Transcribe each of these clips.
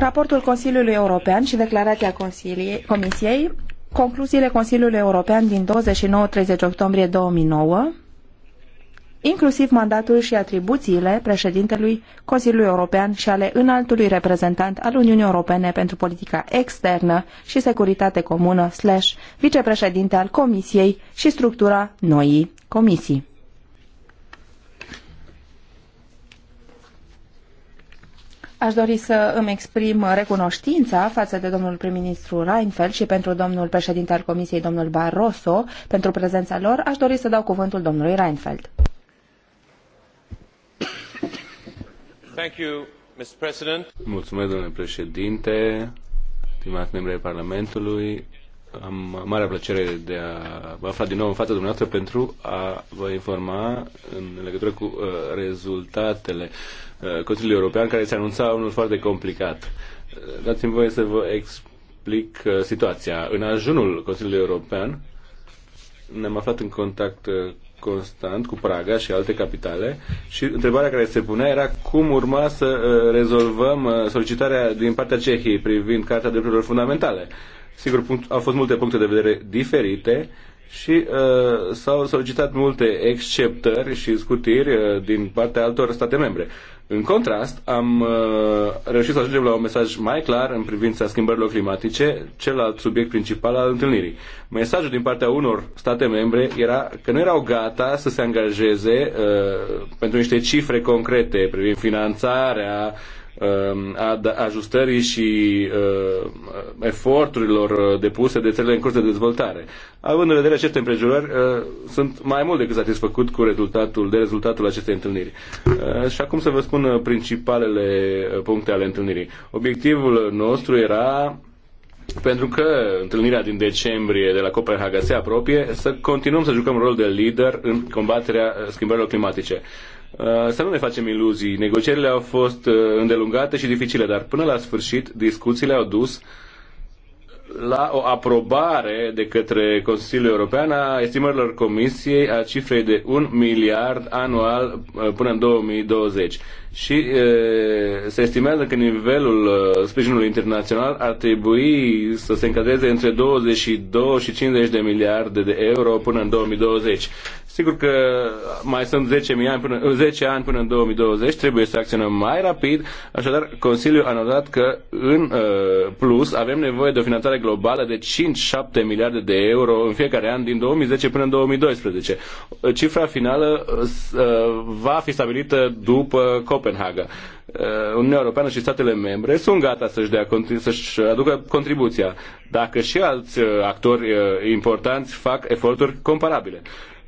Raportul Consiliului European și declarația Comisiei, concluziile Consiliului European din 29-30 octombrie 2009, inclusiv mandatul și atribuțiile președintelui Consiliului European și ale înaltului reprezentant al Uniunii Europene pentru politica externă și securitate comună, slash, vicepreședinte al Comisiei și structura noii comisii. Aș dori să îmi exprim recunoștința față de domnul prim-ministru Reinfeldt și pentru domnul președinte al Comisiei, domnul Barroso, pentru prezența lor. Aș dori să dau cuvântul domnului Reinfeldt. Thank you, Mr. President. Mulțumesc, domnule președinte, stimați membri ai Parlamentului, am marea plăcere de a vă afla din nou în fața dumneavoastră pentru a vă informa în legătură cu uh, rezultatele uh, Consiliului European, care se anunța unul foarte complicat. Uh, dați-mi voie să vă explic uh, situația. În ajunul Consiliului European ne-am aflat în contact uh, constant cu Praga și alte capitale și întrebarea care se punea era cum urma să uh, rezolvăm uh, solicitarea din partea Cehiei privind Carta Drepturilor Fundamentale. Uh, Sigur, punct, au fost multe puncte de vedere diferite și uh, s-au solicitat multe exceptări și scutiri uh, din partea altor state membre. În contrast, am uh, reușit să ajungem la un mesaj mai clar în privința schimbărilor climatice, celălalt subiect principal al întâlnirii. Mesajul din partea unor state membre era că nu erau gata să se angajeze uh, pentru niște cifre concrete privind finanțarea, uh, Um, ajustării și uh, eforturilor depuse de țările în curs de dezvoltare. Având în vedere aceste împrejurări, uh, sunt mai mult decât satisfăcut cu rezultatul, de rezultatul acestei întâlniri. Uh, și acum să vă spun principalele puncte ale întâlnirii. Obiectivul nostru era pentru că întâlnirea din decembrie de la Copenhaga se apropie, să continuăm să jucăm rol de lider în combaterea schimbărilor climatice. Uh, să nu ne facem iluzii. Negocierile au fost uh, îndelungate și dificile, dar până la sfârșit discuțiile au dus la o aprobare de către Consiliul European a estimărilor Comisiei a cifrei de 1 miliard anual uh, până în 2020. Și e, se estimează că nivelul sprijinului internațional ar trebui să se încadreze între 22 și 50 de miliarde de euro până în 2020. Sigur că mai sunt 10, ani până, 10 ani până în 2020, trebuie să acționăm mai rapid, așadar Consiliul a notat că în uh, plus avem nevoie de o finanțare globală de 5-7 miliarde de euro în fiecare an din 2010 până în 2012. Cifra finală uh, va fi stabilită după Copenhaga. Uh, Uniunea Europeană și statele membre sunt gata să-și, dea, să-și aducă contribuția, dacă și alți uh, actori uh, importanți fac eforturi comparabile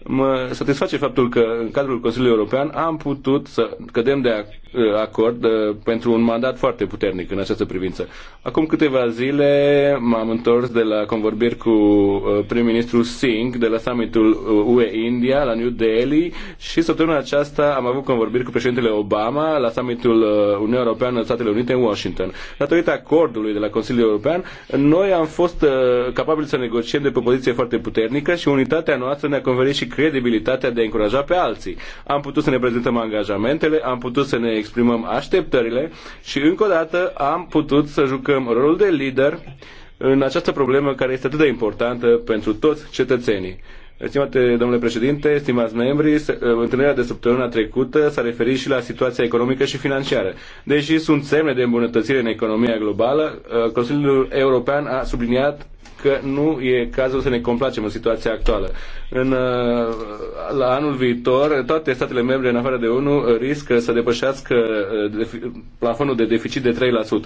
mă satisface faptul că în cadrul Consiliului European am putut să cădem de acord Uh, acord uh, pentru un mandat foarte puternic în această privință. Acum câteva zile m-am întors de la convorbiri cu uh, prim-ministrul Singh de la summitul UE-India la New Delhi și săptămâna aceasta am avut convorbiri cu președintele Obama la summitul Uniunii Europeană în Statele Unite în Washington. Datorită acordului de la Consiliul European, noi am fost capabili să negociem de pe o poziție foarte puternică și unitatea noastră ne-a conferit și credibilitatea de a încuraja pe alții. Am putut să ne prezentăm angajamentele, am putut să ne exprimăm așteptările și încă o dată am putut să jucăm rolul de lider în această problemă care este atât de importantă pentru toți cetățenii. Stimate domnule președinte, stimați membri, întâlnirea de săptămâna trecută s-a referit și la situația economică și financiară. Deși sunt semne de îmbunătățire în economia globală, uh, Consiliul European a subliniat că nu e cazul să ne complacem în situația actuală. În, uh, la anul viitor, toate statele membre, în afară de unul, riscă să depășească uh, plafonul de deficit de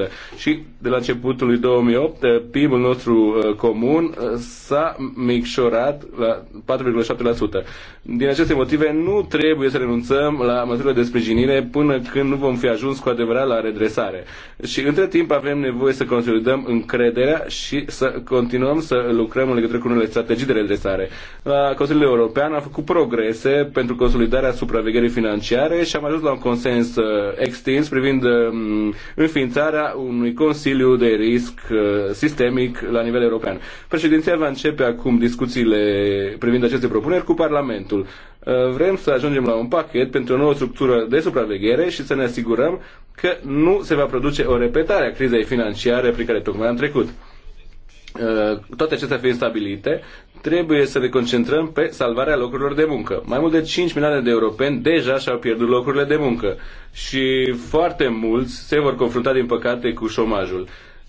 3%. Și de la începutul lui 2008, uh, PIB-ul nostru comun s-a micșorat la 4,7%. Din aceste motive, nu trebuie să renunțăm la măsurile de sprijinire până când nu vom fi ajuns cu adevărat la redresare. Și între timp avem nevoie să consolidăm încrederea și să continuăm continuăm să lucrăm în legătură cu unele strategii de redresare. La Consiliul European am făcut progrese pentru consolidarea supravegherii financiare și am ajuns la un consens uh, extins privind um, înființarea unui Consiliu de risc uh, sistemic la nivel european. Președinția va începe acum discuțiile privind aceste propuneri cu Parlamentul. Uh, vrem să ajungem la un pachet pentru o nouă structură de supraveghere și să ne asigurăm că nu se va produce o repetare a crizei financiare prin care tocmai am trecut. Uh, toate acestea fiind stabilite, trebuie să ne concentrăm pe salvarea locurilor de muncă. Mai mult de 5 milioane de europeni deja și-au pierdut locurile de muncă și foarte mulți se vor confrunta, din păcate, cu șomajul.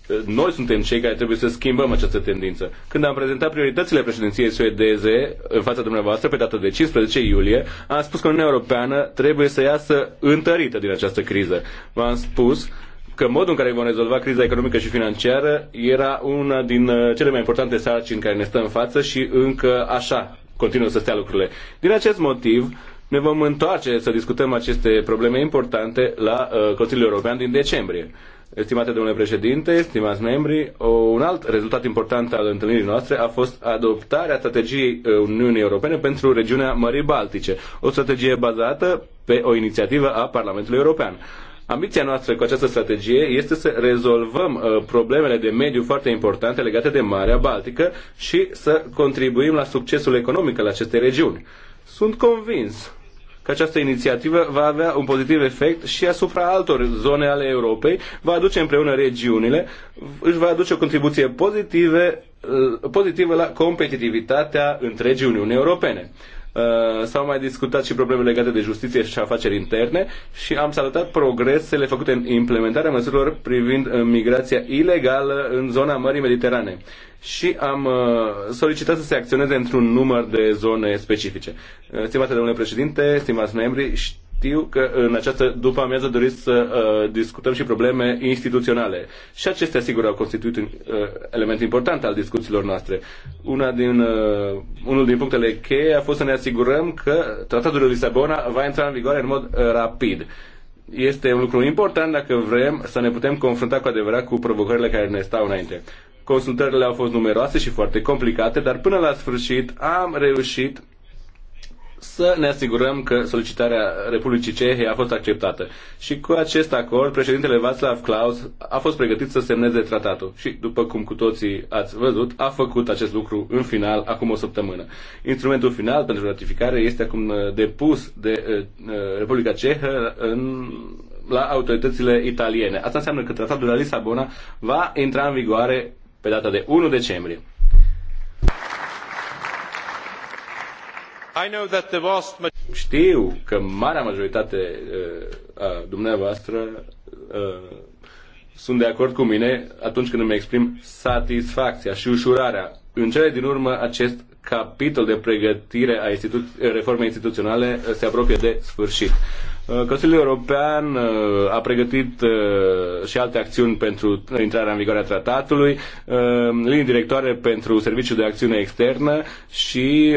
Uh, noi suntem cei care trebuie să schimbăm această tendință. Când am prezentat prioritățile președinției suedeze în fața dumneavoastră pe data de 15 iulie, am spus că Uniunea Europeană trebuie să iasă întărită din această criză. V-am spus că modul în care vom rezolva criza economică și financiară era una din uh, cele mai importante sarcini în care ne stăm în față și încă așa continuă să stea lucrurile. Din acest motiv, ne vom întoarce să discutăm aceste probleme importante la uh, Consiliul European din decembrie. Estimate domnule președinte, stimați membri, un alt rezultat important al întâlnirii noastre a fost adoptarea strategiei uh, Uniunii Europene pentru regiunea Mării Baltice, o strategie bazată pe o inițiativă a Parlamentului European. Ambiția noastră cu această strategie este să rezolvăm uh, problemele de mediu foarte importante legate de Marea Baltică și să contribuim la succesul economic al acestei regiuni. Sunt convins că această inițiativă va avea un pozitiv efect și asupra altor zone ale Europei, va aduce împreună regiunile, își va aduce o contribuție pozitive, uh, pozitivă la competitivitatea întregii Uniuni Europene. Uh, s-au mai discutat și probleme legate de justiție și afaceri interne și am salutat progresele făcute în implementarea măsurilor privind uh, migrația ilegală în zona Mării Mediterane și am uh, solicitat să se acționeze într-un număr de zone specifice. Stimate domnule președinte, stimați membri, știu că în această după amiază doriți să uh, discutăm și probleme instituționale. Și acestea, sigur, au constituit un uh, element important al discuțiilor noastre. Una din, uh, unul din punctele cheie a fost să ne asigurăm că Tratatul de Lisabona va intra în vigoare în mod uh, rapid. Este un lucru important dacă vrem să ne putem confrunta cu adevărat cu provocările care ne stau înainte. Consultările au fost numeroase și foarte complicate, dar până la sfârșit am reușit să ne asigurăm că solicitarea Republicii Cehe a fost acceptată. Și cu acest acord, președintele Václav Klaus a fost pregătit să semneze tratatul. Și, după cum cu toții ați văzut, a făcut acest lucru în final, acum o săptămână. Instrumentul final pentru ratificare este acum uh, depus de uh, uh, Republica Cehă în la autoritățile italiene. Asta înseamnă că tratatul de la Lisabona va intra în vigoare pe data de 1 decembrie. Știu că marea majoritate uh, a dumneavoastră uh, sunt de acord cu mine atunci când îmi exprim satisfacția și ușurarea. În cele din urmă, acest capitol de pregătire a institu- reformei instituționale uh, se apropie de sfârșit. Uh, Consiliul European uh, a pregătit uh, și alte acțiuni pentru intrarea în vigoare a tratatului, linii directoare pentru serviciul de acțiune externă și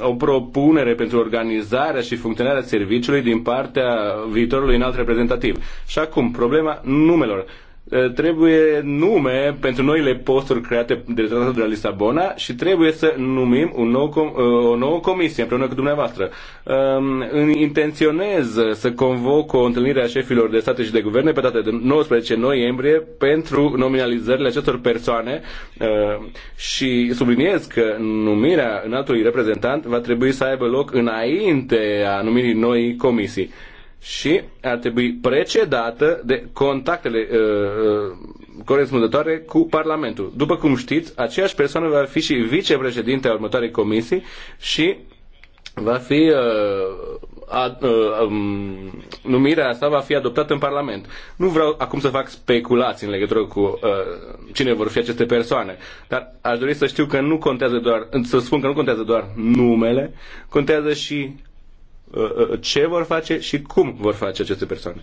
o propunere pentru organizarea și funcționarea serviciului din partea viitorului înalt reprezentativ. Și acum, problema numelor Eh, trebuie nume pentru noile posturi create de Tratatul de la Lisabona și trebuie să numim un nou, eh, o nouă comisie împreună cu dumneavoastră. Ehm, intenționez să convoc o întâlnire a șefilor de state și de guverne pe data de 19 noiembrie pentru nominalizările acestor persoane ehm, și subliniez că numirea înaltului reprezentant va trebui să aibă loc înainte a numirii noii comisii și ar trebui precedată de contactele uh, uh, corespunzătoare cu Parlamentul. După cum știți, aceeași persoană va fi și vicepreședinte a următoarei comisii și va fi uh, ad, uh, um, numirea asta va fi adoptată în Parlament. Nu vreau acum să fac speculații în legătură cu uh, cine vor fi aceste persoane, dar aș dori să știu că nu contează doar, să spun că nu contează doar numele, contează și Uh, uh, ce vor face și cum vor face aceste persoane.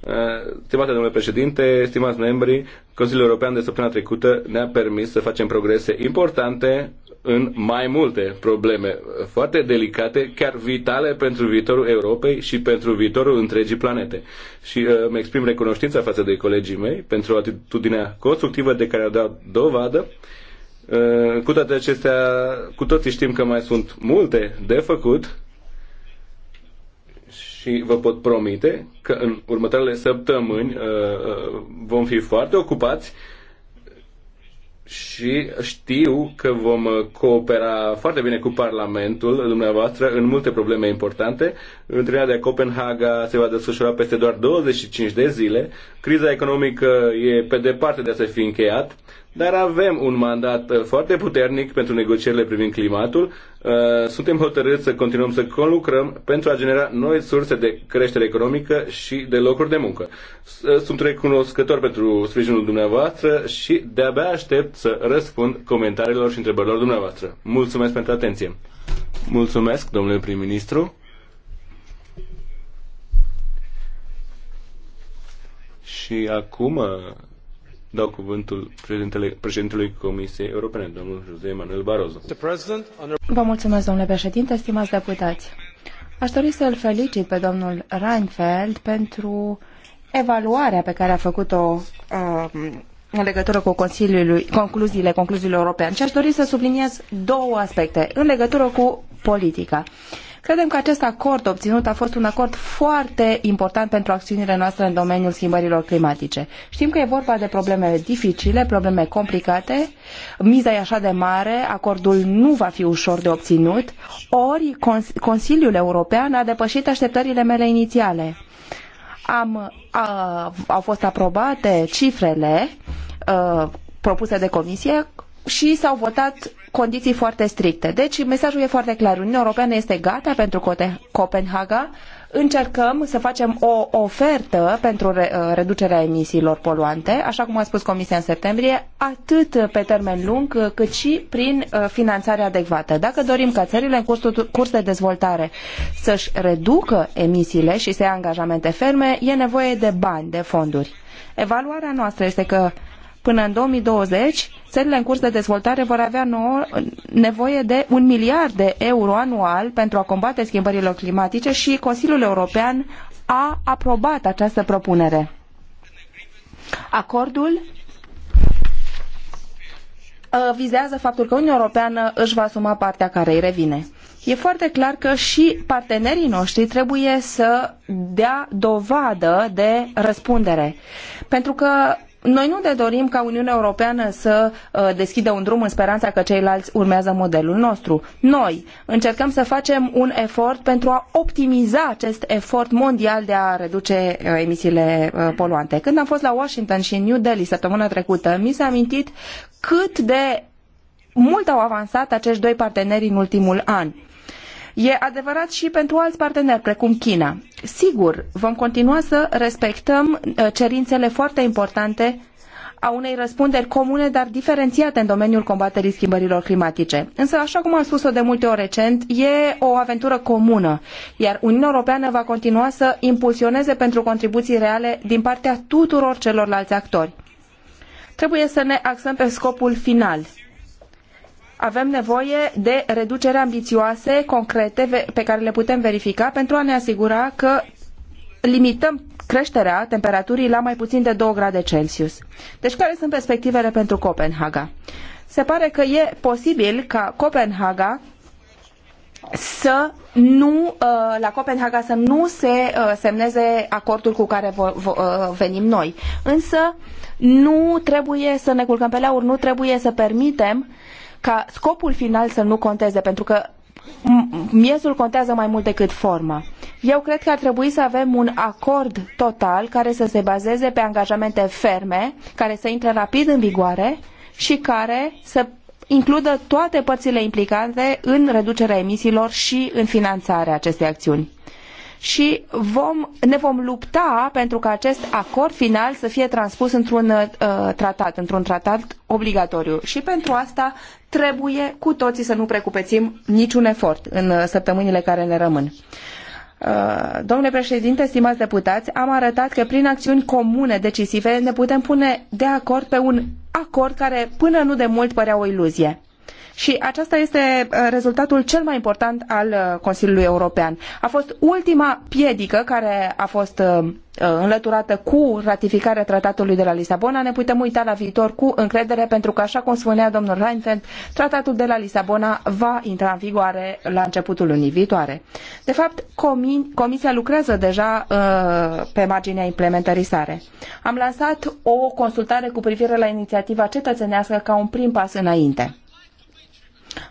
Uh, stimate domnule președinte, stimați membri, Consiliul European de săptămâna trecută ne-a permis să facem progrese importante în mai multe probleme foarte delicate, chiar vitale pentru viitorul Europei și pentru viitorul întregii planete. Și uh, îmi exprim recunoștința față de colegii mei pentru atitudinea constructivă de care au dat dovadă. Uh, cu toate acestea, cu toții știm că mai sunt multe de făcut și vă pot promite că în următoarele săptămâni uh, uh, vom fi foarte ocupați și știu că vom coopera foarte bine cu Parlamentul dumneavoastră în multe probleme importante. Întâlnirea de Copenhaga se va desfășura peste doar 25 de zile. Criza economică e pe departe de a se fi încheiat dar avem un mandat uh, foarte puternic pentru negocierile privind climatul. Uh, suntem hotărâți să continuăm să conlucrăm pentru a genera noi surse de creștere economică și de locuri de muncă. Uh, sunt recunoscător pentru sprijinul dumneavoastră și de-abia aștept să răspund comentariilor și întrebărilor dumneavoastră. Mulțumesc pentru atenție. Mulțumesc, domnule prim-ministru. Și acum Dau cuvântul președintele, președintelui Comisiei Europene, domnul José Manuel Barroso. Vă mulțumesc, domnule președinte, stimați deputați. Aș dori să-l felicit pe domnul Reinfeld pentru evaluarea pe care a făcut-o um, în legătură cu Consiliului, concluziile Concluziilor europene. Și aș dori să subliniez două aspecte în legătură cu politica. Uh, Credem că acest acord obținut a fost un acord foarte important pentru acțiunile noastre în domeniul schimbărilor climatice. Știm că e vorba de probleme dificile, probleme complicate, miza e așa de mare, acordul nu va fi ușor de obținut, ori Consiliul European a depășit așteptările mele inițiale. Am, a, au fost aprobate cifrele a, uh, propuse de comisie și s-au votat condiții foarte stricte. Deci mesajul e foarte clar. Uniunea Europeană este gata pentru Copenhaga. Încercăm să facem o ofertă pentru uh, reducerea emisiilor poluante, așa cum a spus Comisia în septembrie, atât pe termen lung, uh, cât și prin uh, finanțare adecvată. Dacă dorim ca țările în curs de dezvoltare să-și reducă emisiile și să ia angajamente ferme, e nevoie de bani, de fonduri. Evaluarea noastră este că Până în 2020, țările în curs de dezvoltare vor avea nouă, nevoie de un miliard de euro anual pentru a combate schimbările climatice și Consiliul European a aprobat această propunere. Acordul uh, vizează faptul că Uniunea Europeană își va asuma partea care îi revine. E foarte clar că și partenerii noștri trebuie să dea dovadă de răspundere. Pentru că noi nu ne dorim ca Uniunea Europeană să uh, deschidă un drum în speranța că ceilalți urmează modelul nostru. Noi încercăm să facem un efort pentru a optimiza acest efort mondial de a reduce uh, emisiile uh, poluante. Când am fost la Washington și în New Delhi săptămâna trecută, mi s-a amintit cât de mult au avansat acești doi parteneri în ultimul an E adevărat și pentru alți parteneri, precum China. Sigur, vom continua să respectăm uh, cerințele foarte importante a unei răspunderi comune, dar diferențiate în domeniul combaterii schimbărilor climatice. Însă, așa cum am spus-o de multe ori recent, e o aventură comună, iar Uniunea Europeană va continua să impulsioneze pentru contribuții reale din partea tuturor celorlalți actori. Trebuie să ne axăm pe scopul final, avem nevoie de reduceri ambițioase, concrete, pe care le putem verifica pentru a ne asigura că limităm creșterea temperaturii la mai puțin de 2 grade Celsius. Deci care sunt perspectivele pentru Copenhaga? Se pare că e posibil ca Copenhaga să nu, uh, la Copenhaga să nu se uh, semneze acordul cu care uh, venim noi. Însă nu trebuie să ne culcăm pe lauri, nu trebuie să permitem ca scopul final să nu conteze, pentru că miezul contează mai mult decât forma. Eu cred că ar trebui să avem un acord total care să se bazeze pe angajamente ferme, care să intre rapid în vigoare și care să includă toate părțile implicate în reducerea emisiilor și în finanțarea acestei acțiuni și vom, ne vom lupta pentru ca acest acord final să fie transpus într-un uh, tratat, într-un tratat obligatoriu. Și pentru asta trebuie cu toții să nu precupețim niciun efort în uh, săptămânile care ne rămân. Uh, domnule președinte, stimați deputați, am arătat că prin acțiuni comune decisive ne putem pune de acord pe un acord care până nu de mult părea o iluzie. Și aceasta este uh, rezultatul cel mai important al uh, Consiliului European. A fost ultima piedică care a fost uh, înlăturată cu ratificarea tratatului de la Lisabona, ne putem uita la viitor cu încredere, pentru că, așa cum spunea domnul Reinfeldt, tratatul de la Lisabona va intra în vigoare la începutul lunii viitoare. De fapt, Comisia lucrează deja pe marginea implementării sare. Am lansat o consultare cu privire la inițiativa cetățenească ca un prim pas înainte.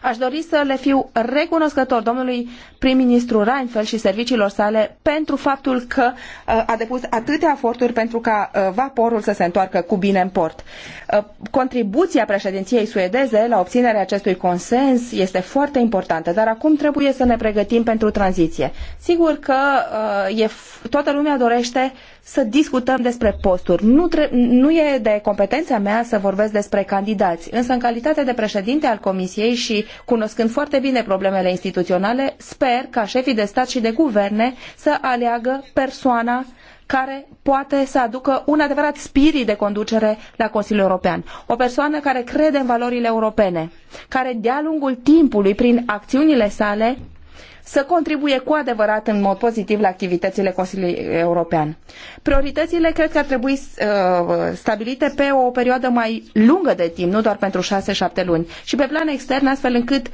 Aș dori să le fiu recunoscător domnului prim-ministru Reinfeldt și serviciilor sale pentru faptul că uh, a depus atâtea eforturi pentru ca uh, vaporul să se întoarcă cu bine în port. Uh, contribuția președinției suedeze la obținerea acestui consens este foarte importantă, dar acum trebuie să ne pregătim pentru tranziție. Sigur că e, toată lumea dorește să discutăm despre posturi. Nu, nu e de competența mea să vorbesc despre candidați, însă în calitate de președinte al Comisiei și cunoscând foarte bine problemele instituționale, sper ca șefii de stat și de guverne să aleagă persoana care poate să aducă un adevărat spirit de conducere la Consiliul European. O persoană care crede în valorile europene, care de-a lungul timpului, prin acțiunile sale, să contribuie cu adevărat în mod pozitiv la activitățile Consiliului European. Prioritățile cred că ar trebui uh, stabilite pe o perioadă mai lungă de timp, nu doar pentru 6-7 luni, și pe plan extern, astfel încât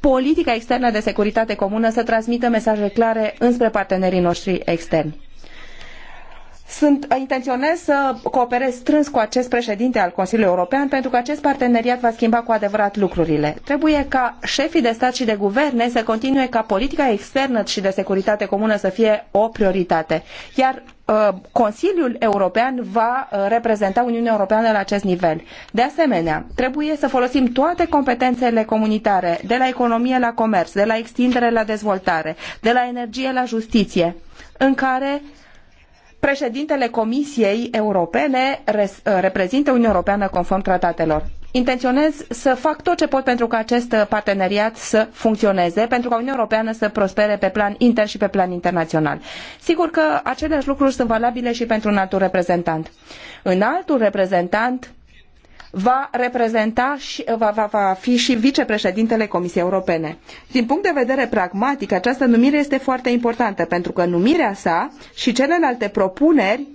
politica externă de securitate comună să transmită mesaje clare înspre partenerii noștri externi sunt, intenționez să cooperez strâns cu acest președinte al Consiliului European pentru că acest parteneriat va schimba cu adevărat lucrurile. Trebuie ca șefii de stat și de guverne să continue ca politica externă și de securitate comună să fie o prioritate. Iar uh, Consiliul European va uh, reprezenta Uniunea Europeană la acest nivel. De asemenea, trebuie să folosim toate competențele comunitare, de la economie la comerț, de la extindere la dezvoltare, de la energie la justiție, în care președintele Comisiei Europene uh, reprezintă Uniunea Europeană conform tratatelor. Intenționez să fac tot ce pot pentru ca acest parteneriat să funcționeze, pentru ca Uniunea Europeană să prospere pe plan inter și pe plan internațional. Sigur că aceleași lucruri sunt valabile și pentru un alt reprezentant. În altul reprezentant va reprezenta și va, va, va fi și vicepreședintele Comisiei Europene. Din punct de vedere pragmatic, această numire este foarte importantă pentru că numirea sa și celelalte propuneri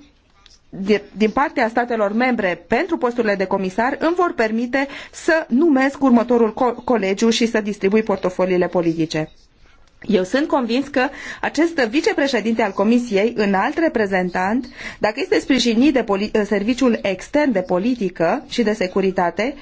din partea statelor membre pentru posturile de comisar îmi vor permite să numesc următorul colegiu și să distribui portofoliile politice. Eu sunt convins că acest vicepreședinte al Comisiei, înalt reprezentant, dacă este sprijinit de Serviciul Extern de Politică și de Securitate,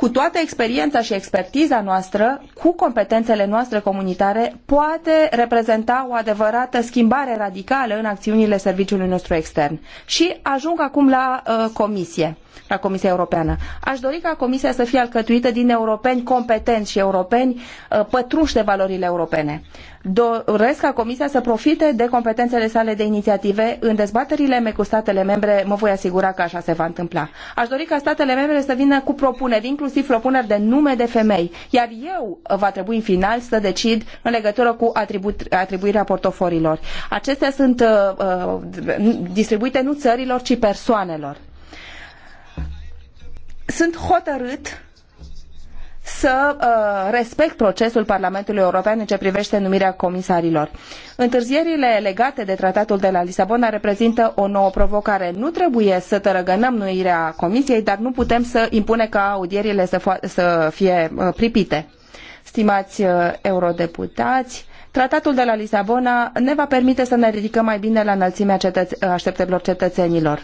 cu toată experiența și expertiza noastră, cu competențele noastre comunitare, poate reprezenta o adevărată schimbare radicală în acțiunile serviciului nostru extern. Și ajung acum la uh, Comisie, la Comisia Europeană. Aș dori ca Comisia să fie alcătuită din europeni competenți și europeni uh, pătruși de valorile europene doresc ca Comisia să profite de competențele sale de inițiative în dezbaterile mele cu statele membre. Mă voi asigura că așa se va întâmpla. Aș dori ca statele membre să vină cu propuneri, inclusiv propuneri de nume de femei, iar eu va trebui în final să decid în legătură cu atribu atribuirea portofoliilor. Acestea sunt uh, uh, distribuite nu țărilor, ci persoanelor. Sunt hotărât să uh, respect procesul Parlamentului European în ceea ce privește numirea comisarilor. Întârzierile legate de tratatul de la Lisabona reprezintă o nouă provocare. Nu trebuie să tărăgănăm numirea comisiei, dar nu putem să impune ca audierile să, fie uh, pripite. Stimați uh, eurodeputați, Tratatul de la Lisabona ne va permite să ne ridicăm mai bine la înălțimea cetăț- așteptărilor cetățenilor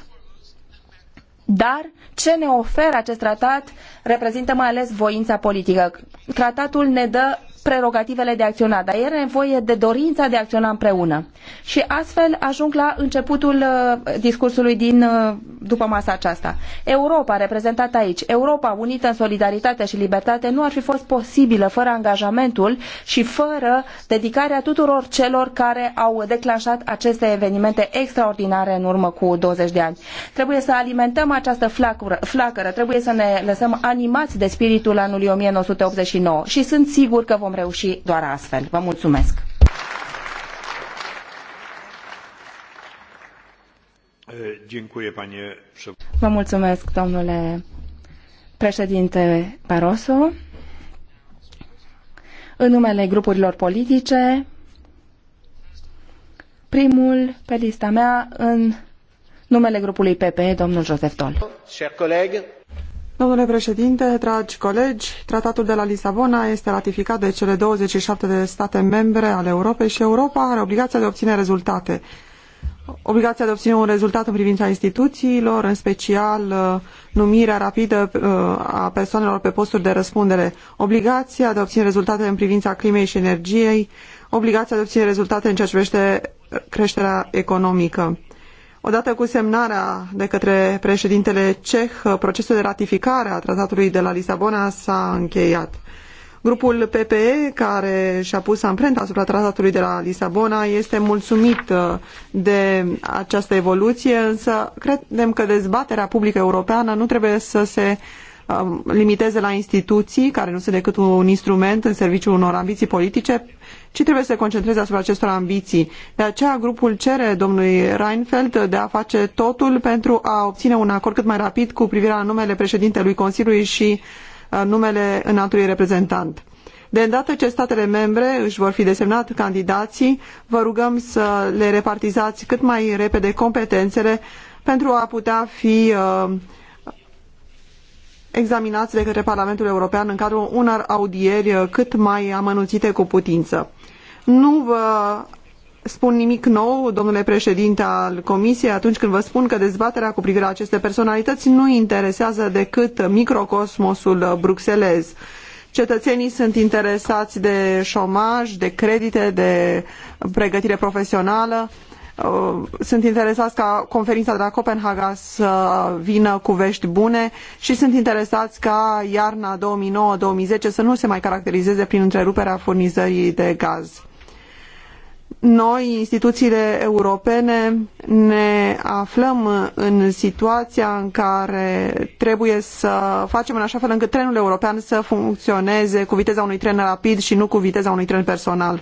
dar ce ne oferă acest tratat reprezintă mai ales voința politică. Tratatul ne dă prerogativele de a acționa, dar e nevoie de dorința de a acționa împreună. Și astfel ajung la începutul uh, discursului din uh, după masa aceasta. Europa, reprezentată aici, Europa unită în solidaritate și libertate, nu ar fi fost posibilă fără angajamentul și fără dedicarea tuturor celor care au declanșat aceste evenimente extraordinare în urmă cu 20 de ani. Trebuie să alimentăm această flacură, flacără, trebuie să ne lăsăm animați de spiritul anului 1989 și sunt sigur că vom Reuși doar astfel. Vă mulțumesc! Vă mulțumesc, domnule președinte Barroso. În numele grupurilor politice, primul pe lista mea, în numele grupului PPE, domnul Joseph Dol. Domnule președinte, dragi colegi, tratatul de la Lisabona este ratificat de cele 27 de state membre ale Europei și Europa are obligația de a obține rezultate. Obligația de a obține un rezultat în privința instituțiilor, în special uh, numirea rapidă uh, a persoanelor pe posturi de răspundere, obligația de a obține rezultate în privința climei și energiei, obligația de a obține rezultate în ceea ce privește creșterea economică. Odată cu semnarea de către președintele ceh, procesul de ratificare a tratatului de la Lisabona s-a încheiat. Grupul PPE, care și-a pus amprenta asupra tratatului de la Lisabona, este mulțumit uh, de această evoluție, însă credem că dezbaterea publică europeană nu trebuie să se um, limiteze la instituții, care nu sunt decât un instrument în serviciul unor ambiții politice, ci trebuie să se concentreze asupra acestor ambiții. De aceea, grupul cere domnului Reinfeldt de a face totul pentru a obține un acord cât mai rapid cu privire la numele președintelui Consiliului și uh, numele înaltului reprezentant. De îndată ce statele membre își vor fi desemnat candidații, vă rugăm să le repartizați cât mai repede competențele pentru a putea fi uh, examinați de către Parlamentul European în cadrul unor audieri cât mai amănunțite cu putință. Nu vă spun nimic nou, domnule președinte al Comisiei, atunci când vă spun că dezbaterea cu privire la aceste personalități nu interesează decât microcosmosul bruxelez. Cetățenii sunt interesați de șomaj, de credite, de pregătire profesională. Uh, sunt interesați ca conferința de la Copenhaga să vină cu vești bune și sunt interesați ca iarna 2009-2010 să nu se mai caracterizeze prin întreruperea furnizării de gaz noi, instituțiile europene, ne aflăm în situația în care trebuie să facem în așa fel încât trenul european să funcționeze cu viteza unui tren rapid și nu cu viteza unui tren personal.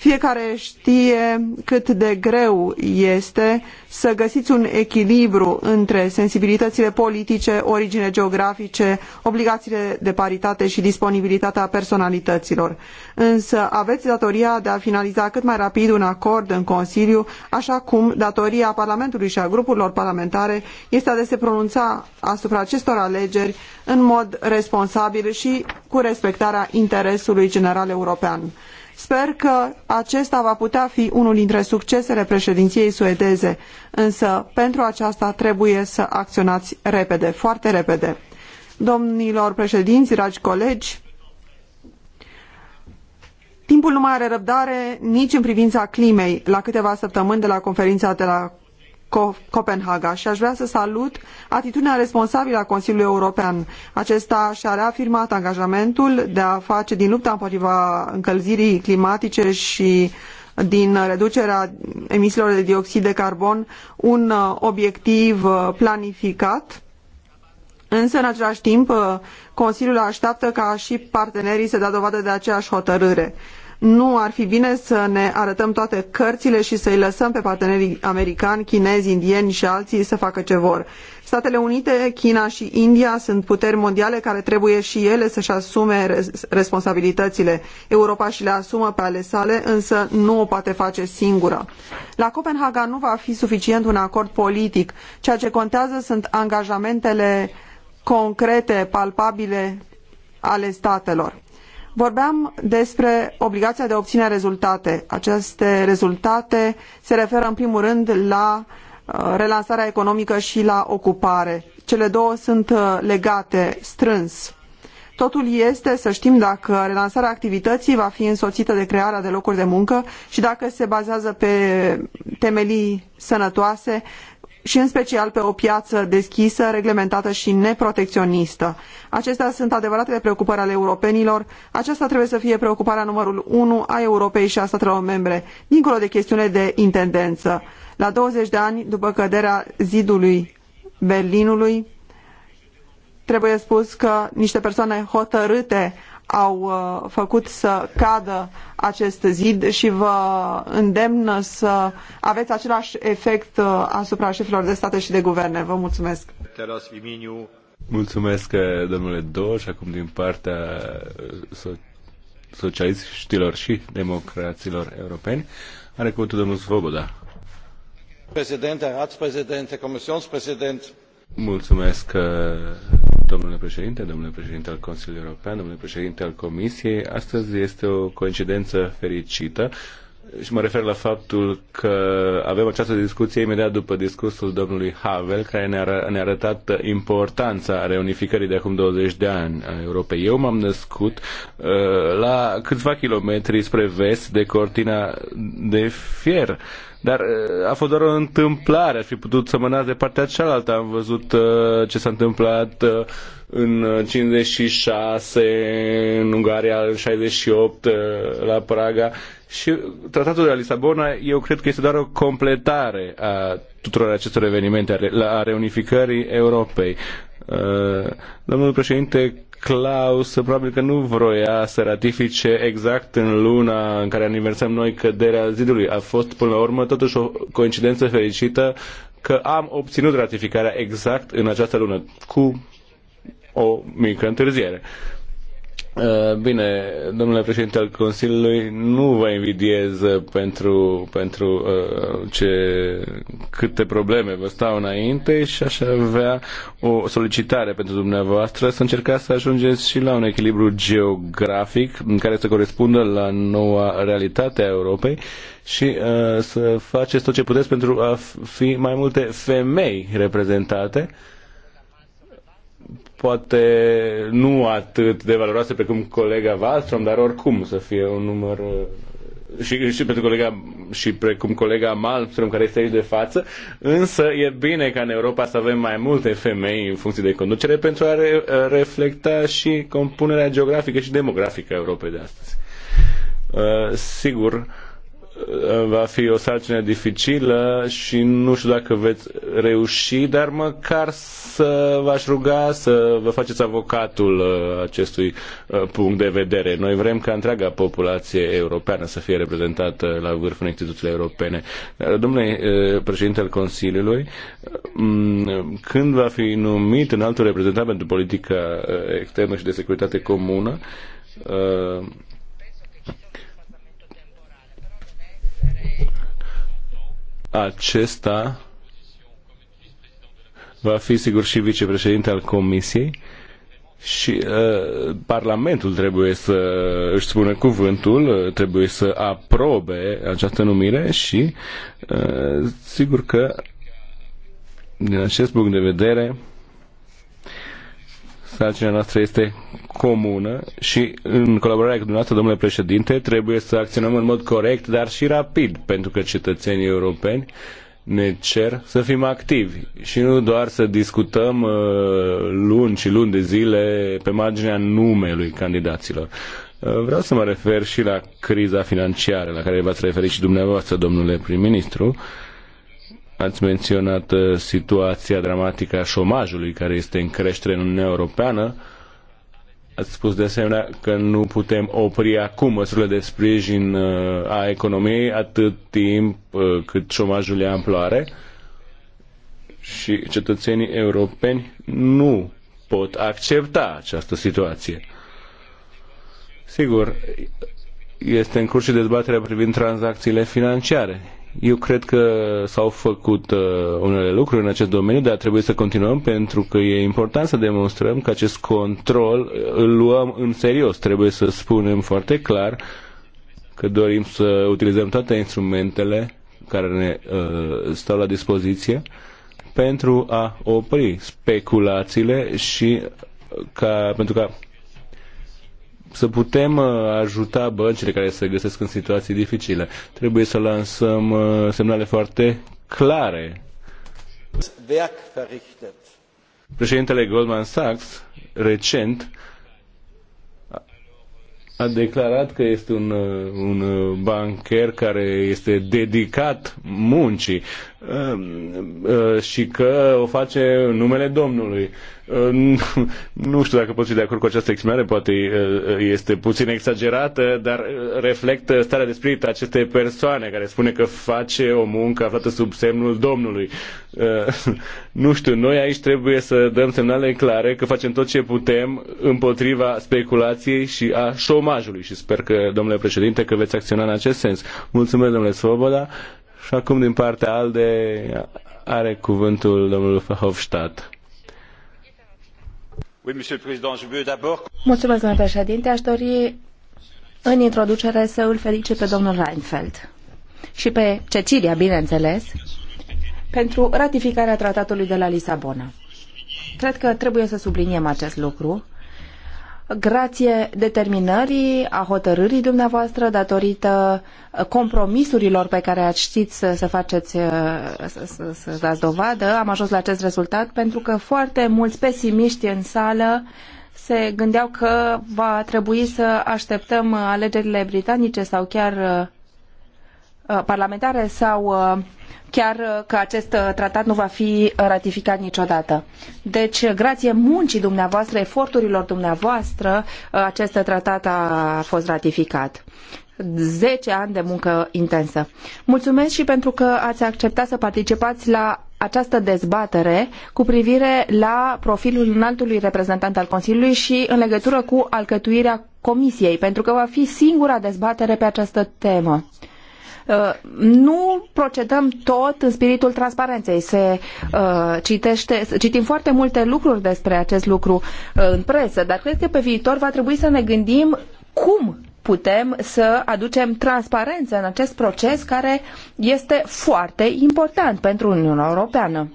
Fiecare știe cât de greu este să găsiți un echilibru între sensibilitățile politice, origine geografice, obligațiile de paritate și disponibilitatea personalităților. Însă aveți datoria de a finaliza cât mai rapid un acord în Consiliu, așa cum datoria Parlamentului și a grupurilor parlamentare este a de se pronunța asupra acestor alegeri în mod responsabil și cu respectarea interesului general european. Sper că acesta va putea fi unul dintre succesele președinției suedeze, însă pentru aceasta trebuie să acționați repede, foarte repede. Domnilor președinți, dragi colegi, Timpul nu mai are răbdare nici în privința climei, la câteva săptămâni de la conferința de la Copenhaga și aș vrea să salut atitudinea responsabilă a Consiliului European. Acesta și-a reafirmat angajamentul de a face din lupta împotriva încălzirii climatice și din reducerea emisiilor de dioxid de carbon un uh, obiectiv uh, planificat. Însă, în același timp, uh, Consiliul așteaptă ca și partenerii să dea dovadă de aceeași hotărâre. Nu ar fi bine să ne arătăm toate cărțile și să-i lăsăm pe partenerii americani, chinezi, indieni și alții să facă ce vor. Statele Unite, China și India sunt puteri mondiale care trebuie și ele să-și asume responsabilitățile. Europa și le asumă pe ale sale, însă nu o poate face singură. La Copenhaga nu va fi suficient un acord politic. Ceea ce contează sunt angajamentele concrete, palpabile ale statelor. Vorbeam despre obligația de a obține rezultate. Aceste rezultate se referă în primul rând la uh, relansarea economică și la ocupare. Cele două sunt uh, legate strâns. Totul este să știm dacă relansarea activității va fi însoțită de crearea de locuri de muncă și dacă se bazează pe temelii sănătoase și în special pe o piață deschisă, reglementată și neprotecționistă. Acestea sunt adevăratele preocupări ale europenilor. Aceasta trebuie să fie preocuparea numărul unu a Europei și a statelor membre, dincolo de chestiune de intendență. La 20 de ani după căderea zidului Berlinului, trebuie spus că niște persoane hotărâte au uh, făcut să cadă acest zid și vă îndemn să aveți același efect uh, asupra șefilor de state și de guverne. Vă mulțumesc! Mulțumesc, uh, domnule Doș, acum din partea socialiștilor și democraților europeni. Are cuvântul domnul Svoboda. Președinte, rați președinte, comisionspreședinte. Mulțumesc, domnule președinte, domnule președinte al Consiliului European, domnule președinte al Comisiei. Astăzi este o coincidență fericită și mă refer la faptul că avem această discuție imediat după discursul domnului Havel, care ne-a, ne, -a, arătat importanța reunificării de acum 20 de ani a Europei. Eu m-am născut uh, la câțiva kilometri spre vest de cortina de fier. Dar uh, a fost doar o întâmplare, aș fi putut să mă nasc de partea cealaltă. Am văzut uh, ce s-a întâmplat uh, în 56, în Ungaria, în 68, uh, la Praga. Uh, și tratatul de la Lisabona, eu cred că este doar o completare a tuturor acestor evenimente, a reunificării Europei. Uh, domnul președinte Klaus probabil că nu vroia să ratifice exact în luna în care aniversăm noi căderea zidului. A fost până la urmă totuși o coincidență fericită că am obținut ratificarea exact în această lună, cu o mică întârziere. Uh, bine, domnule președinte al Consiliului, nu vă invidiez uh, pentru, pentru uh, ce, câte probleme vă stau înainte și aș avea o solicitare pentru dumneavoastră să încercați să ajungeți și la un echilibru geografic în care să corespundă la noua realitate a Europei și uh, să faceți tot ce puteți pentru a fi mai multe femei reprezentate uh, poate nu atât de valoroase precum colega Wallström, dar oricum să fie un număr uh, și, și pentru colega și precum colega Malmström care este aici de față, însă e bine ca în Europa să avem mai multe femei în funcție de conducere pentru a re, reflecta și compunerea geografică și demografică a Europei de astăzi. Uh, sigur, uh, va fi o sarcină dificilă și nu știu dacă veți reuși, dar măcar să v-aș ruga să vă faceți avocatul uh, acestui uh, punct de vedere. Noi vrem ca întreaga populație europeană să fie reprezentată la vârful instituțiilor europene. Uh, domnule președinte al Consiliului, um, când va fi numit în altul reprezentant pentru politica externă și de securitate comună, acesta va fi sigur și vicepreședinte al Comisiei și uh, Parlamentul trebuie să își spună cuvântul, uh, trebuie să aprobe această numire și uh, sigur că din acest punct de vedere sarcina noastră este comună și în colaborare cu dumneavoastră, domnule președinte, trebuie să acționăm în mod corect, dar și rapid, pentru că cetățenii europeni ne cer să fim activi și nu doar să discutăm uh, luni și luni de zile pe marginea numelui candidaților. Uh, vreau să mă refer și la criza financiară la care v-ați referit și dumneavoastră, domnule prim-ministru. Uh, Ați menționat uh, situația dramatică a șomajului care este în creștere în Uniunea Europeană. Ați spus de asemenea că nu putem opri acum măsurile de sprijin uh, a economiei atât timp uh, cât șomajul e amploare și cetățenii europeni nu pot accepta această situație. Sigur, este în curs și dezbaterea privind tranzacțiile financiare eu cred că s-au făcut uh, unele lucruri în acest domeniu, dar trebuie să continuăm pentru că e important să demonstrăm că acest control uh, îl luăm în serios. Trebuie să spunem foarte clar că dorim să utilizăm toate instrumentele care ne uh, stau la dispoziție pentru a opri speculațiile și ca, pentru ca să putem uh, ajuta băncile care se găsesc în situații dificile. Trebuie să lansăm uh, semnale foarte clare. Președintele Goldman Sachs, recent, a declarat că este un, uh, un bancher care este dedicat muncii. Ehm, ehm, eh, și că o face în numele Domnului. Ehm, nu știu dacă pot fi de acord cu această exprimare, poate eh, eh, este puțin exagerată, dar reflectă starea de spirit a acestei persoane care spune că face o muncă aflată sub semnul Domnului. Nu știu, noi aici trebuie să dăm semnale clare că facem tot ce putem împotriva speculației și a șomajului și sper că, domnule președinte, că veți acționa în acest sens. Mulțumesc, domnule Svoboda. Și acum din partea ALDE are cuvântul domnul Verhofstadt. Mulțumesc, domnule președinte. Aș dori în introducere să îl felicit pe domnul Reinfeld și pe Cecilia, bineînțeles, pentru ratificarea tratatului de la Lisabona. Cred că trebuie să subliniem acest lucru grație determinării, a hotărârii dumneavoastră, datorită compromisurilor pe care știți să, să faceți, să, să, să dați dovadă, am ajuns la acest rezultat pentru că foarte mulți pesimiști în sală se gândeau că va trebui să așteptăm alegerile britanice sau chiar Uh, parlamentare sau uh, chiar uh, că acest tratat nu va fi ratificat niciodată. Deci, grație muncii dumneavoastră, eforturilor dumneavoastră, acest tratat a fost ratificat. Zece ani de muncă intensă. Mulțumesc și pentru că ați acceptat să participați la această dezbatere cu privire la profilul înaltului reprezentant al Consiliului și în legătură cu alcătuirea Comisiei, pentru că va fi singura dezbatere pe această temă. Uh, nu procedăm tot în spiritul transparenței. Se uh, citește, citim foarte multe lucruri despre acest lucru uh, în presă, dar cred că pe viitor va trebui să ne gândim cum putem să aducem transparență în acest proces care este foarte important pentru Uniunea Europeană.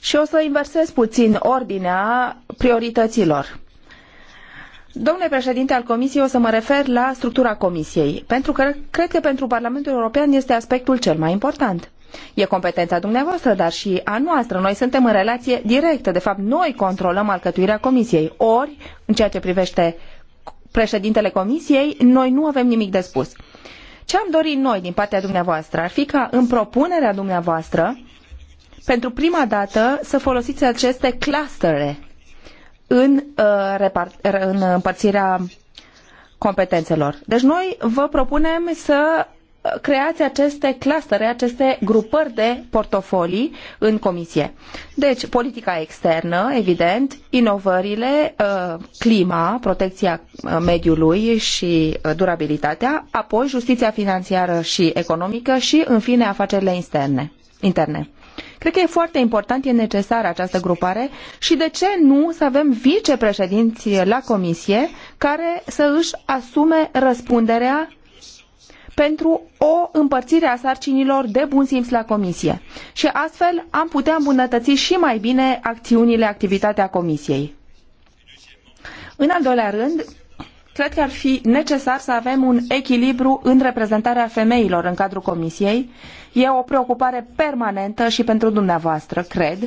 Și o să inversez puțin ordinea priorităților. Domnule președinte al Comisiei, o să mă refer la structura Comisiei, pentru că cred că pentru Parlamentul European este aspectul cel mai important. E competența dumneavoastră, dar și a noastră. Noi suntem în relație directă. De fapt, noi controlăm alcătuirea Comisiei. Ori, în ceea ce privește președintele Comisiei, noi nu avem nimic de spus. Ce am dorit noi din partea dumneavoastră ar fi ca în propunerea dumneavoastră, pentru prima dată, să folosiți aceste clustere în, uh, în împărțirea competențelor. Deci noi vă propunem să creați aceste clustere, aceste grupări de portofolii în comisie. Deci, politica externă, evident, inovările, uh, clima, protecția uh, mediului și durabilitatea, apoi justiția financiară și economică și, în fine, afacerile interne. interne. Cred că e foarte important, e necesară această grupare și de ce nu să avem vicepreședinți la comisie care să își asume răspunderea pentru o împărțire a sarcinilor de bun simț la comisie. Și astfel am putea îmbunătăți și mai bine acțiunile, activitatea comisiei. În al doilea rând, cred că ar fi necesar să avem un echilibru în reprezentarea femeilor în cadrul comisiei, uh, E o preocupare permanentă și pentru dumneavoastră, cred.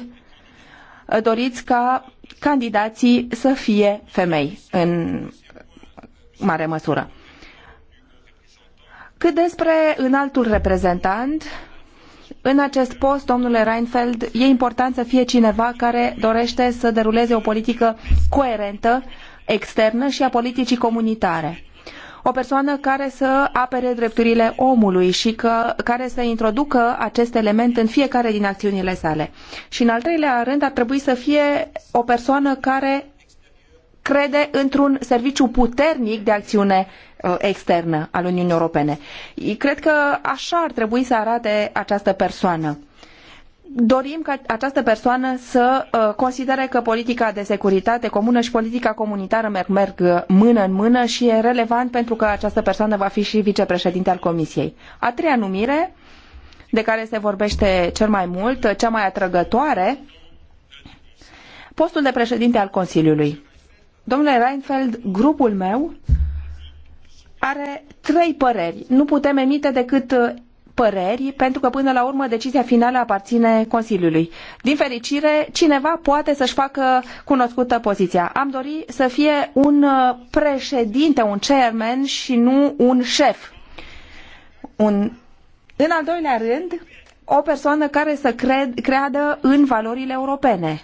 Doriți ca candidații să fie femei în mare măsură. Cât despre înaltul reprezentant, în acest post, domnule Reinfeld, e important să fie cineva care dorește să deruleze o politică coerentă, externă și a politicii comunitare o persoană care să apere drepturile omului și că, care să introducă acest element în fiecare din acțiunile sale. Și în al treilea rând ar trebui să fie o persoană care crede într-un serviciu puternic de acțiune uh, externă al Uniunii Europene. Cred că așa ar trebui să arate această persoană dorim ca această persoană să uh, considere că politica de securitate comună și politica comunitară merg, merg mână în mână și e relevant pentru că această persoană va fi și vicepreședinte al Comisiei. A treia numire, de care se vorbește cel mai mult, cea mai atrăgătoare, postul de președinte al Consiliului. Domnule Reinfeld, grupul meu are trei păreri. Nu putem emite decât uh, păreri, pentru că până la urmă decizia finală aparține Consiliului. Din fericire, cineva poate să-și facă cunoscută poziția. Am dori să fie un uh, președinte, un chairman și nu un șef. Un... În al doilea rând, o persoană care să cred, creadă în valorile europene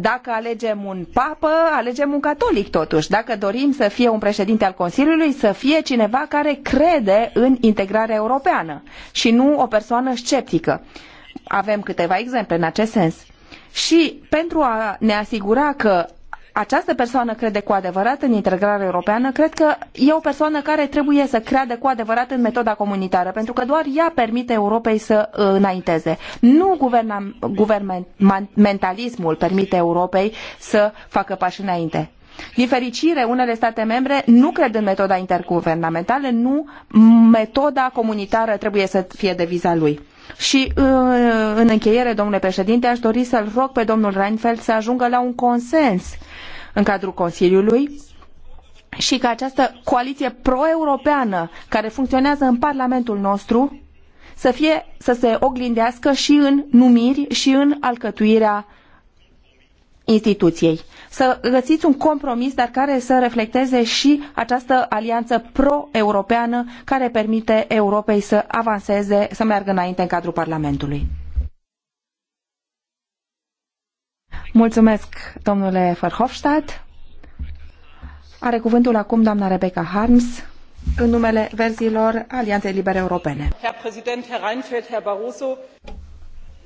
dacă alegem un papă, alegem un catolic totuși. Dacă dorim să fie un președinte al Consiliului, să fie cineva care crede în integrarea europeană și nu o persoană sceptică. Avem câteva exemple în acest sens. Și pentru a ne asigura că această persoană crede cu adevărat în integrarea europeană, cred că e o persoană care trebuie să creadă cu adevărat în metoda comunitară, pentru că doar ea permite Europei să uh, înainteze. Nu guvernamentalismul permite Europei să facă pași înainte. Din fericire, unele state membre nu cred în metoda interguvernamentală, nu metoda comunitară trebuie să fie deviza lui. Și uh, în încheiere, domnule președinte, aș dori să-l rog pe domnul Reinfeldt să ajungă la un consens în cadrul Consiliului și că această coaliție pro-europeană care funcționează în Parlamentul nostru să, fie, să se oglindească și în numiri și în alcătuirea instituției să găsiți un compromis, dar care să reflecteze și această alianță pro-europeană care permite Europei să avanseze, să meargă înainte în cadrul Parlamentului. Mulțumesc, domnule Verhofstadt. Are cuvântul acum doamna Rebecca Harms în numele verzilor Alianței Libere Europene.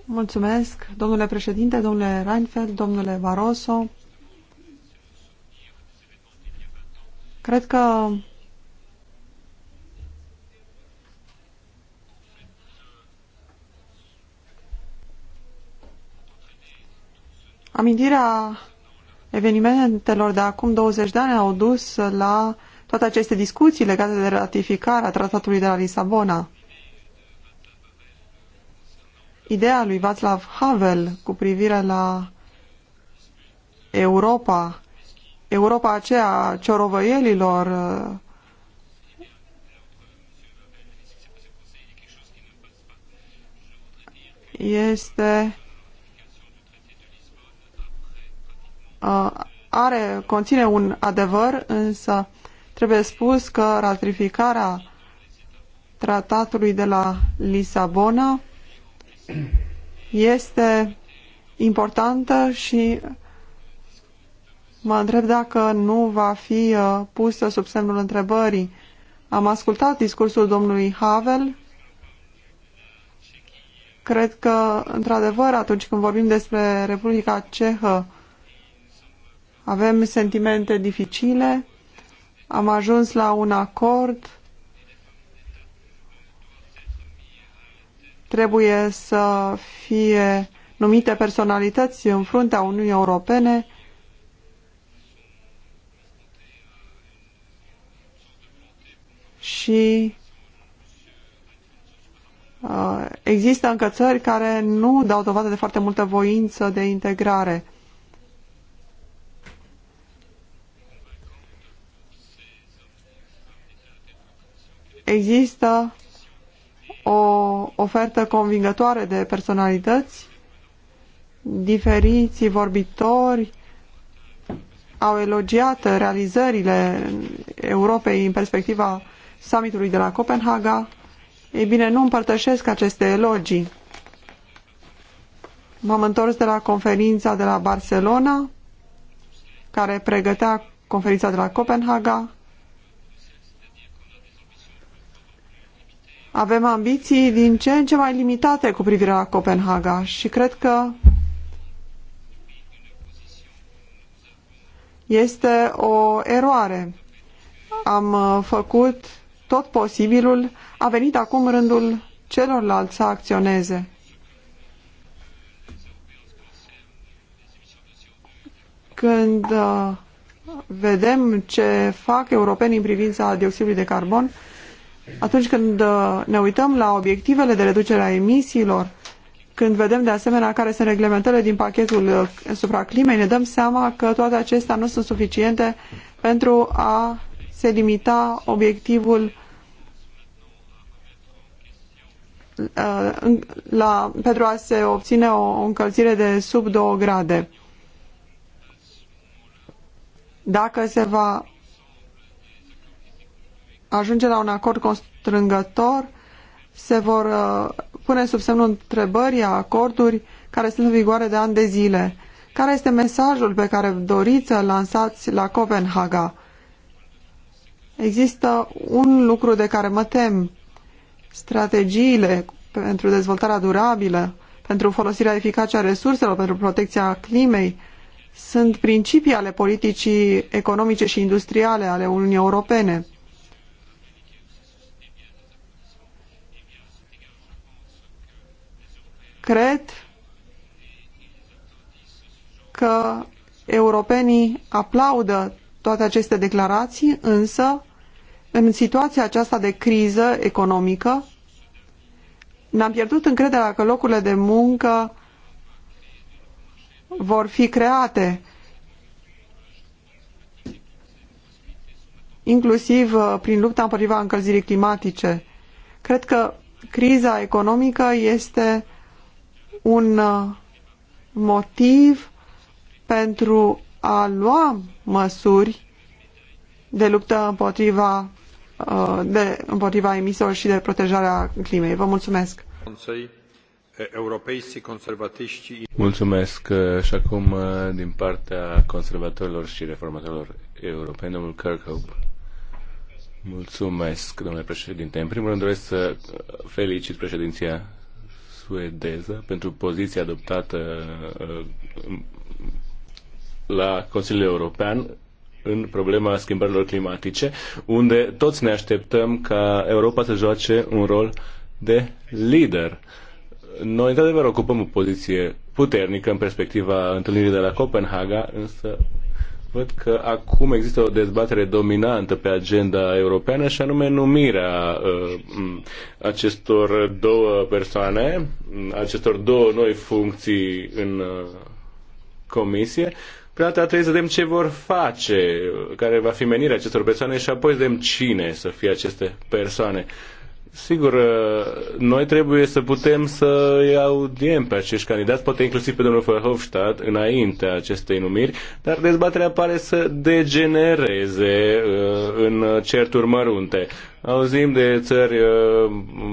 Mulțumesc, domnule președinte, domnule Reinfeldt, domnule Barroso, Cred că amintirea evenimentelor de acum 20 de ani au dus la toate aceste discuții legate de ratificarea tratatului de la Lisabona. Ideea lui Václav Havel cu privire la Europa Europa aceea a ciorovăielilor, uh, este uh, are, conține un adevăr, însă trebuie spus că ratificarea tratatului de la Lisabona este importantă și Mă întreb dacă nu va fi uh, pusă sub semnul întrebării. Am ascultat discursul domnului Havel. Cred că, într-adevăr, atunci când vorbim despre Republica Cehă, avem sentimente dificile, am ajuns la un acord, trebuie să fie numite personalități în fruntea Uniunii Europene, și uh, există încă țări care nu dau dovadă de foarte multă voință de integrare. Există o ofertă convingătoare de personalități, diferiți vorbitori au elogiat realizările Europei în perspectiva summitului de la Copenhaga, ei bine, nu împărtășesc aceste elogii. M-am întors de la conferința de la Barcelona, care pregătea conferința de la Copenhaga. Avem ambiții din ce în ce mai limitate cu privire la Copenhaga și cred că este o eroare. Am uh, făcut tot posibilul, a venit acum rândul celorlalți să acționeze. Când uh, vedem ce fac europenii în privința dioxidului de carbon, atunci când uh, ne uităm la obiectivele de reducere a emisiilor, când vedem de asemenea care sunt reglementările din pachetul uh, supra climei, ne dăm seama că toate acestea nu sunt suficiente pentru a se limita obiectivul uh, la, pentru a se obține o încălzire de sub 2 grade. Dacă se va ajunge la un acord constrângător, se vor uh, pune sub semnul întrebării a acorduri care sunt în vigoare de ani de zile. Care este mesajul pe care doriți să lansați la Copenhaga? Există un lucru de care mă tem. Strategiile pentru dezvoltarea durabilă, pentru folosirea eficace a resurselor, pentru protecția climei, sunt principii ale politicii economice și industriale ale Uniunii Europene. Cred că europenii aplaudă toate aceste declarații, însă în situația aceasta de criză economică ne-am pierdut încrederea că locurile de muncă vor fi create, inclusiv uh, prin lupta împotriva încălzirii climatice. Cred că criza economică este un uh, motiv pentru a lua măsuri de luptă împotriva, uh, de, împotriva emisor și de protejarea climei. Vă mulțumesc! Mulțumesc uh, și acum uh, din partea conservatorilor și reformatorilor europeni, domnul Kirkhope. Mulțumesc, domnule președinte. În primul rând doresc să felicit președinția suedeză pentru poziția adoptată la Consiliul European în problema schimbărilor climatice, unde toți ne așteptăm ca Europa să joace un rol de lider. Noi, într-adevăr, ocupăm o poziție puternică în perspectiva întâlnirii de la Copenhaga, însă văd că acum există o dezbatere dominantă pe agenda europeană și anume numirea uh, acestor două persoane, acestor două noi funcții în uh, comisie, pe alta trebuie să vedem ce vor face, care va fi menirea acestor persoane și apoi vedem cine să fie aceste persoane. Sigur, noi trebuie să putem să îi audiem pe acești candidați, poate inclusiv pe domnul Verhofstadt, înaintea acestei numiri, dar dezbaterea pare să degenereze uh, în certuri mărunte auzim de țări uh,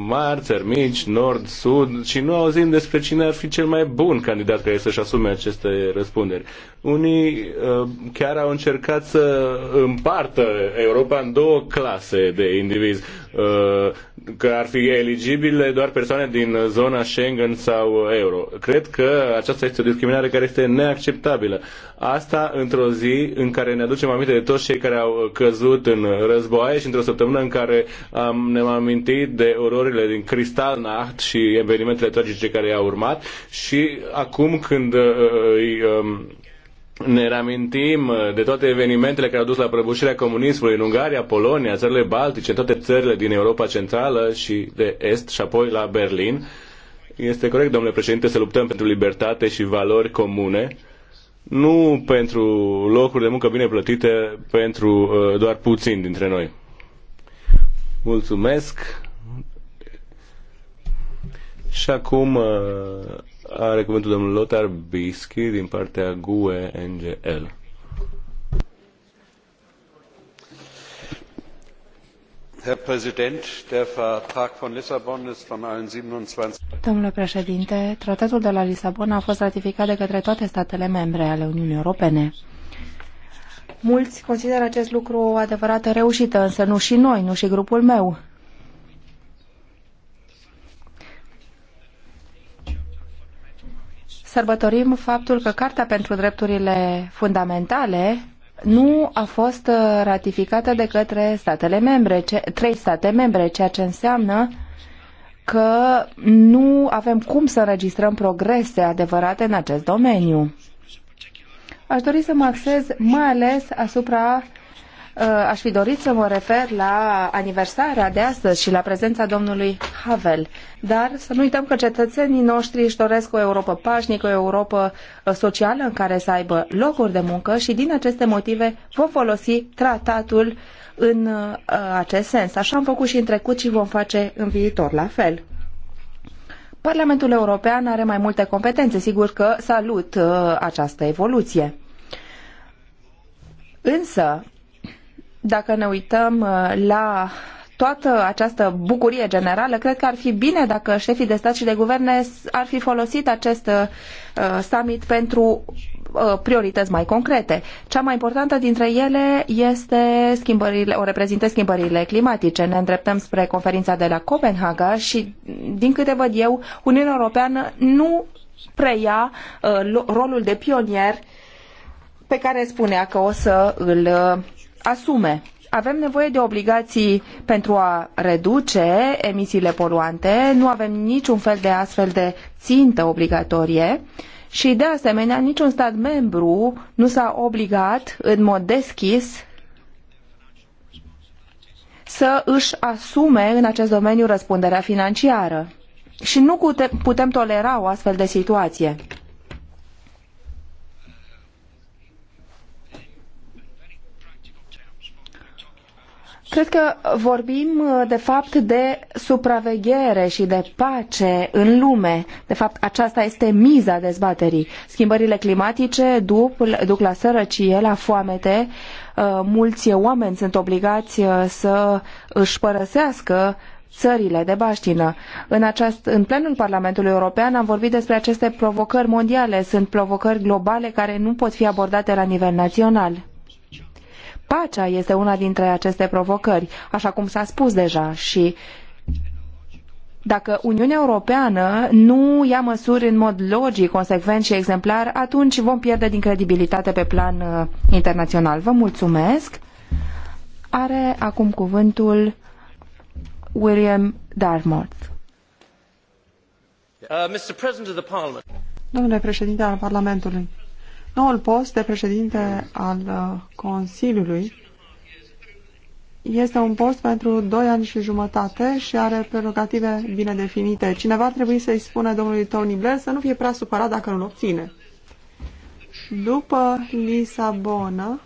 mari, țări mici, nord, sud și nu auzim despre cine ar fi cel mai bun candidat care să-și asume aceste răspunderi. Unii uh, chiar au încercat să împartă Europa în două clase de indivizi, uh, că ar fi eligibile doar persoane din zona Schengen sau euro. Cred că aceasta este o discriminare care este neacceptabilă. Asta într-o zi în care ne aducem aminte de toți cei care au căzut în războaie și într-o săptămână în care um, ne-am amintit de ororile din Kristallnacht și evenimentele tragice care i-au urmat și acum când uh, uh, îi um, ne reamintim uh, de toate evenimentele care au dus la prăbușirea comunismului în Ungaria, Polonia, țările Baltice, toate țările din Europa Centrală și de Est și apoi la Berlin. Este corect, domnule președinte, să luptăm pentru libertate și valori comune, nu pentru locuri de muncă bine plătite pentru doar puțini dintre noi. Mulțumesc. Și acum uh, are cuvântul domnul Lothar Bischi din partea GUE NGL. herr präsident! der vertrag von lissabon ist von allen 27. domnule președinte tratatul de la lisabona a fost ratificat de către toate statele membre ale uniunii europene. Mulți consideră acest lucru o adevărată reușită, însă nu și noi, nu și grupul meu. Sărbătorim faptul că Carta pentru Drepturile Fundamentale nu a fost ratificată de către statele membre, ce, trei state membre, ceea ce înseamnă că nu avem cum să înregistrăm progrese adevărate în acest domeniu. Aș dori să mă axez mai ales asupra uh, aș fi dorit să mă refer la aniversarea de astăzi și la prezența domnului Havel. Dar să nu uităm că cetățenii noștri își doresc o Europa pașnică, o Europa uh, socială în care să aibă locuri de muncă și din aceste motive vom folosi tratatul în uh, acest sens. Așa am făcut și în trecut și vom face în viitor la fel. Parlamentul European are mai multe competențe. Sigur că salut această evoluție. Însă, dacă ne uităm uh, la toată această bucurie generală, cred că ar fi bine dacă șefii de stat și de guverne ar fi folosit acest uh, summit pentru uh, priorități mai concrete. Cea mai importantă dintre ele este schimbările, o reprezintă schimbările climatice. Ne îndreptăm spre conferința de la Copenhaga și, din câte văd eu, Uniunea Europeană nu preia rolul de pionier pe care spunea că o să îl uh, asume. Avem nevoie de obligații pentru a reduce emisiile poluante, nu avem niciun fel de astfel de țintă obligatorie și, de asemenea, niciun stat membru nu s-a obligat în mod deschis să își asume în acest domeniu răspunderea financiară. Și nu putem tolera o astfel de situație. Cred că vorbim uh, de fapt de supraveghere și de pace în lume. De fapt, aceasta este miza dezbaterii. Schimbările climatice duc, duc la sărăcie, la foamete. Uh, mulți oameni sunt obligați uh, să își părăsească țările de baștină. În, aceast, în plenul Parlamentului European am vorbit despre aceste provocări mondiale. Sunt provocări globale care nu pot fi abordate la nivel național Pacea este una dintre aceste provocări, așa cum s-a spus deja și dacă Uniunea Europeană nu ia măsuri în mod logic, consecvent și exemplar, atunci vom pierde din credibilitate pe plan uh, internațional. Vă mulțumesc. Are acum cuvântul William Dartmouth. Uh, Domnule președinte al Parlamentului, Noul post de președinte al uh, Consiliului este un post pentru doi ani și jumătate și are prerogative bine definite. Cineva trebuie să-i spune domnului Tony Blair să nu fie prea supărat dacă nu-l obține. După Lisabona,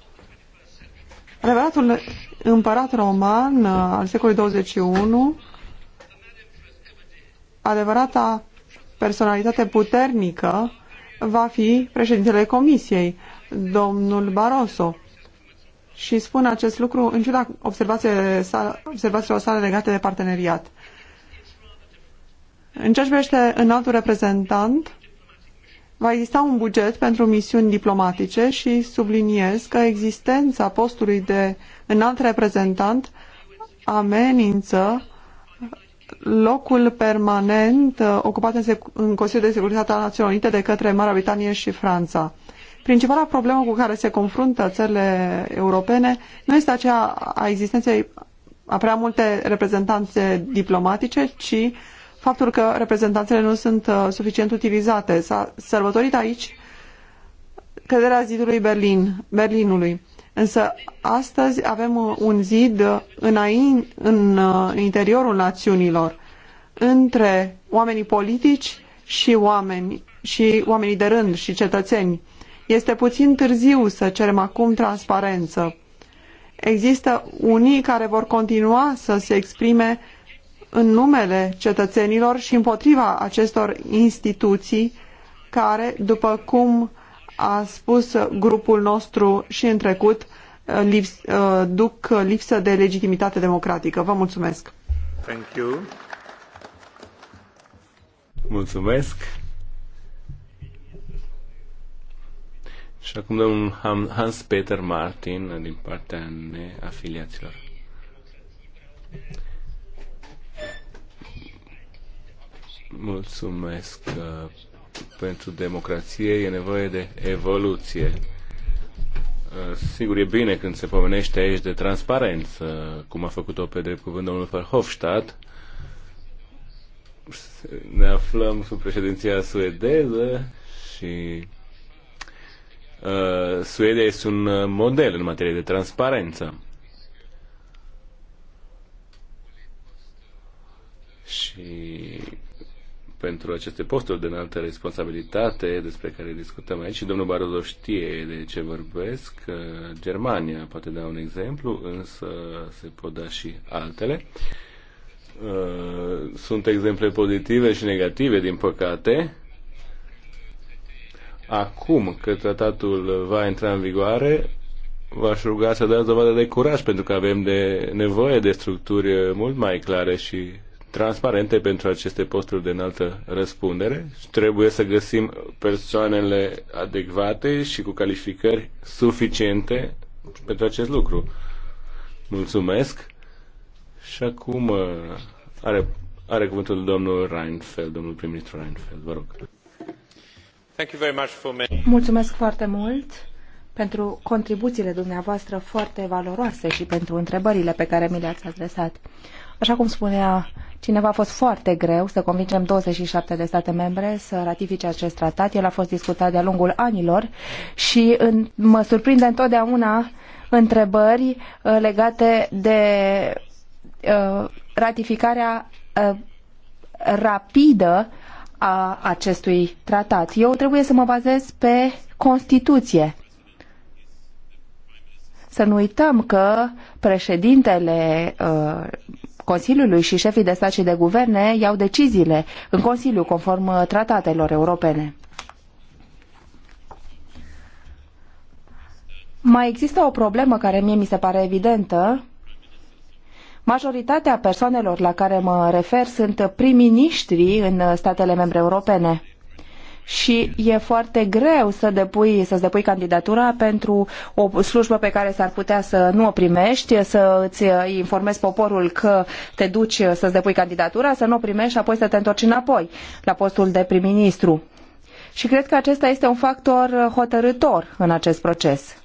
adevăratul împărat roman uh, al secolului 21, adevărata personalitate puternică va fi președintele Comisiei, domnul Barroso. Și spun acest lucru în ciuda observațiilor sale legate de parteneriat. În ceea ce privește altul reprezentant, va exista un buget pentru misiuni diplomatice și subliniez că existența postului de înalt reprezentant amenință locul permanent uh, ocupat în, în Consiliul de Securitate al Națiunilor Unite de către Marea Britanie și Franța. Principala problemă cu care se confruntă țările europene nu este aceea a existenței a prea multe reprezentanțe diplomatice, ci faptul că reprezentanțele nu sunt uh, suficient utilizate. S-a sărbătorit aici căderea zidului Berlin, Berlinului. Însă astăzi avem uh, un zid uh, înain, în uh, interiorul națiunilor între oamenii politici și oameni și oamenii de rând și cetățeni. Este puțin târziu să cerem acum transparență. Există unii care vor continua să se exprime în numele cetățenilor și împotriva acestor instituții care, după cum a spus grupul nostru și în trecut, uh, lips, uh, duc lipsă de legitimitate democratică. Vă mulțumesc! Thank you. Mulțumesc! Și acum domnul Hans-Peter Martin din partea neafiliaților. Mulțumesc uh, pentru democrație e nevoie de evoluție. Uh, sigur, e bine când se pomenește aici de transparență, cum a făcut-o pe drept cuvânt domnul Verhofstadt. Ne aflăm sub președinția suedeză și uh, Suedia este un uh, model în materie de transparență. Și pentru aceste posturi de înaltă responsabilitate despre care discutăm aici și domnul Barozo știe de ce vorbesc. Germania poate da un exemplu, însă se pot da și altele. Uh, sunt exemple pozitive și negative, din păcate. Acum că tratatul va intra în vigoare, v-aș ruga să dați dovadă de curaj, pentru că avem de nevoie de structuri mult mai clare și transparente pentru aceste posturi de înaltă răspundere. Trebuie să găsim persoanele adecvate și cu calificări suficiente pentru acest lucru. Mulțumesc. Și acum uh, are, are cuvântul domnul Reinfeld, domnul prim-ministru Reinfeld, vă rog. Thank you very much for Mulțumesc foarte mult pentru contribuțiile dumneavoastră foarte valoroase și pentru întrebările pe care mi le-ați adresat. Așa cum spunea cineva, a fost foarte greu să convingem 27 de state membre să ratifice acest tratat. El a fost discutat de-a lungul anilor și în, mă surprinde întotdeauna întrebări uh, legate de uh, ratificarea uh, rapidă a acestui tratat. Eu trebuie să mă bazez pe Constituție. Să nu uităm că președintele uh, Consiliului și șefii de stat și de guverne iau deciziile în Consiliu conform uh, tratatelor europene. Mai există o problemă care mie mi se pare evidentă. Majoritatea persoanelor la care mă refer sunt prim-ministri în uh, statele membre europene și e foarte greu să depui, să-ți depui candidatura pentru o slujbă pe care s-ar putea să nu o primești, să îți informezi poporul că te duci să-ți depui candidatura, să nu o primești și apoi să te întorci înapoi la postul de prim-ministru. Și cred că acesta este un factor hotărător în acest proces.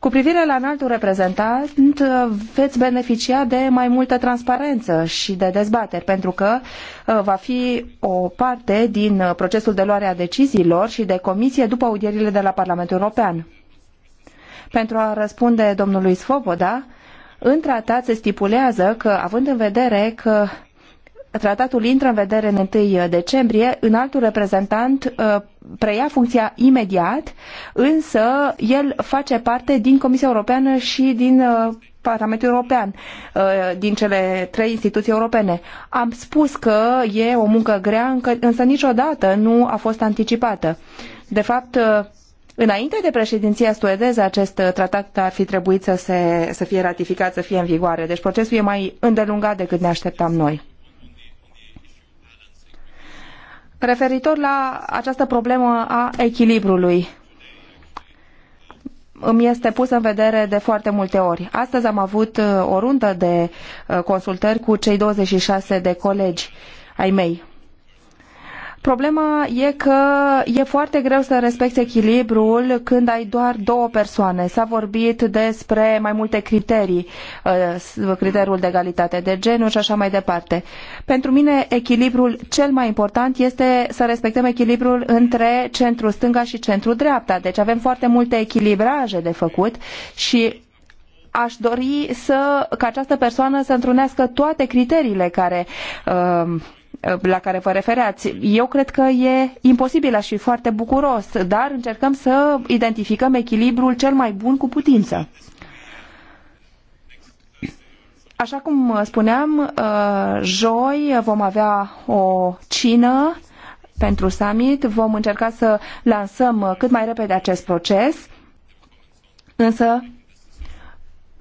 Cu privire la înaltul reprezentant, uh, veți beneficia de mai multă transparență și de dezbateri, pentru că uh, va fi o parte din uh, procesul de luare a deciziilor și de comisie după audierile de la Parlamentul European. Pentru a răspunde domnului Svoboda, în tratat se stipulează că, având în vedere că tratatul intră în vedere în 1 uh, decembrie, în altul reprezentant uh, preia funcția imediat, însă el face parte din Comisia Europeană și din uh, Parlamentul European, din cele trei instituții europene. Am spus că e o muncă grea, însă niciodată nu a fost anticipată. De fapt, Înainte de președinția suedeză, acest tratat ar fi trebuit să, se, să fie ratificat, să fie în vigoare. Deci procesul e mai îndelungat decât ne așteptam noi. Referitor la această problemă a echilibrului, îmi este pus în vedere de foarte multe ori. Astăzi am avut uh, o rundă de uh, consultări cu cei 26 de colegi ai mei Problema e că e foarte greu să respecti echilibrul când ai doar două persoane. S-a vorbit despre mai multe criterii, uh, criteriul de egalitate de genuri și așa mai departe. Pentru mine, echilibrul cel mai important este să respectăm echilibrul între centru stânga și centru dreapta. Deci avem foarte multe echilibraje de făcut și aș dori să, ca această persoană să întrunească toate criteriile care uh, Uh, la care vă referați. Eu cred că e imposibil, aș fi foarte bucuros, dar încercăm să identificăm echilibrul cel mai bun cu putință. Așa cum spuneam, uh, joi vom avea o cină pentru summit, vom încerca să lansăm cât mai repede acest proces, însă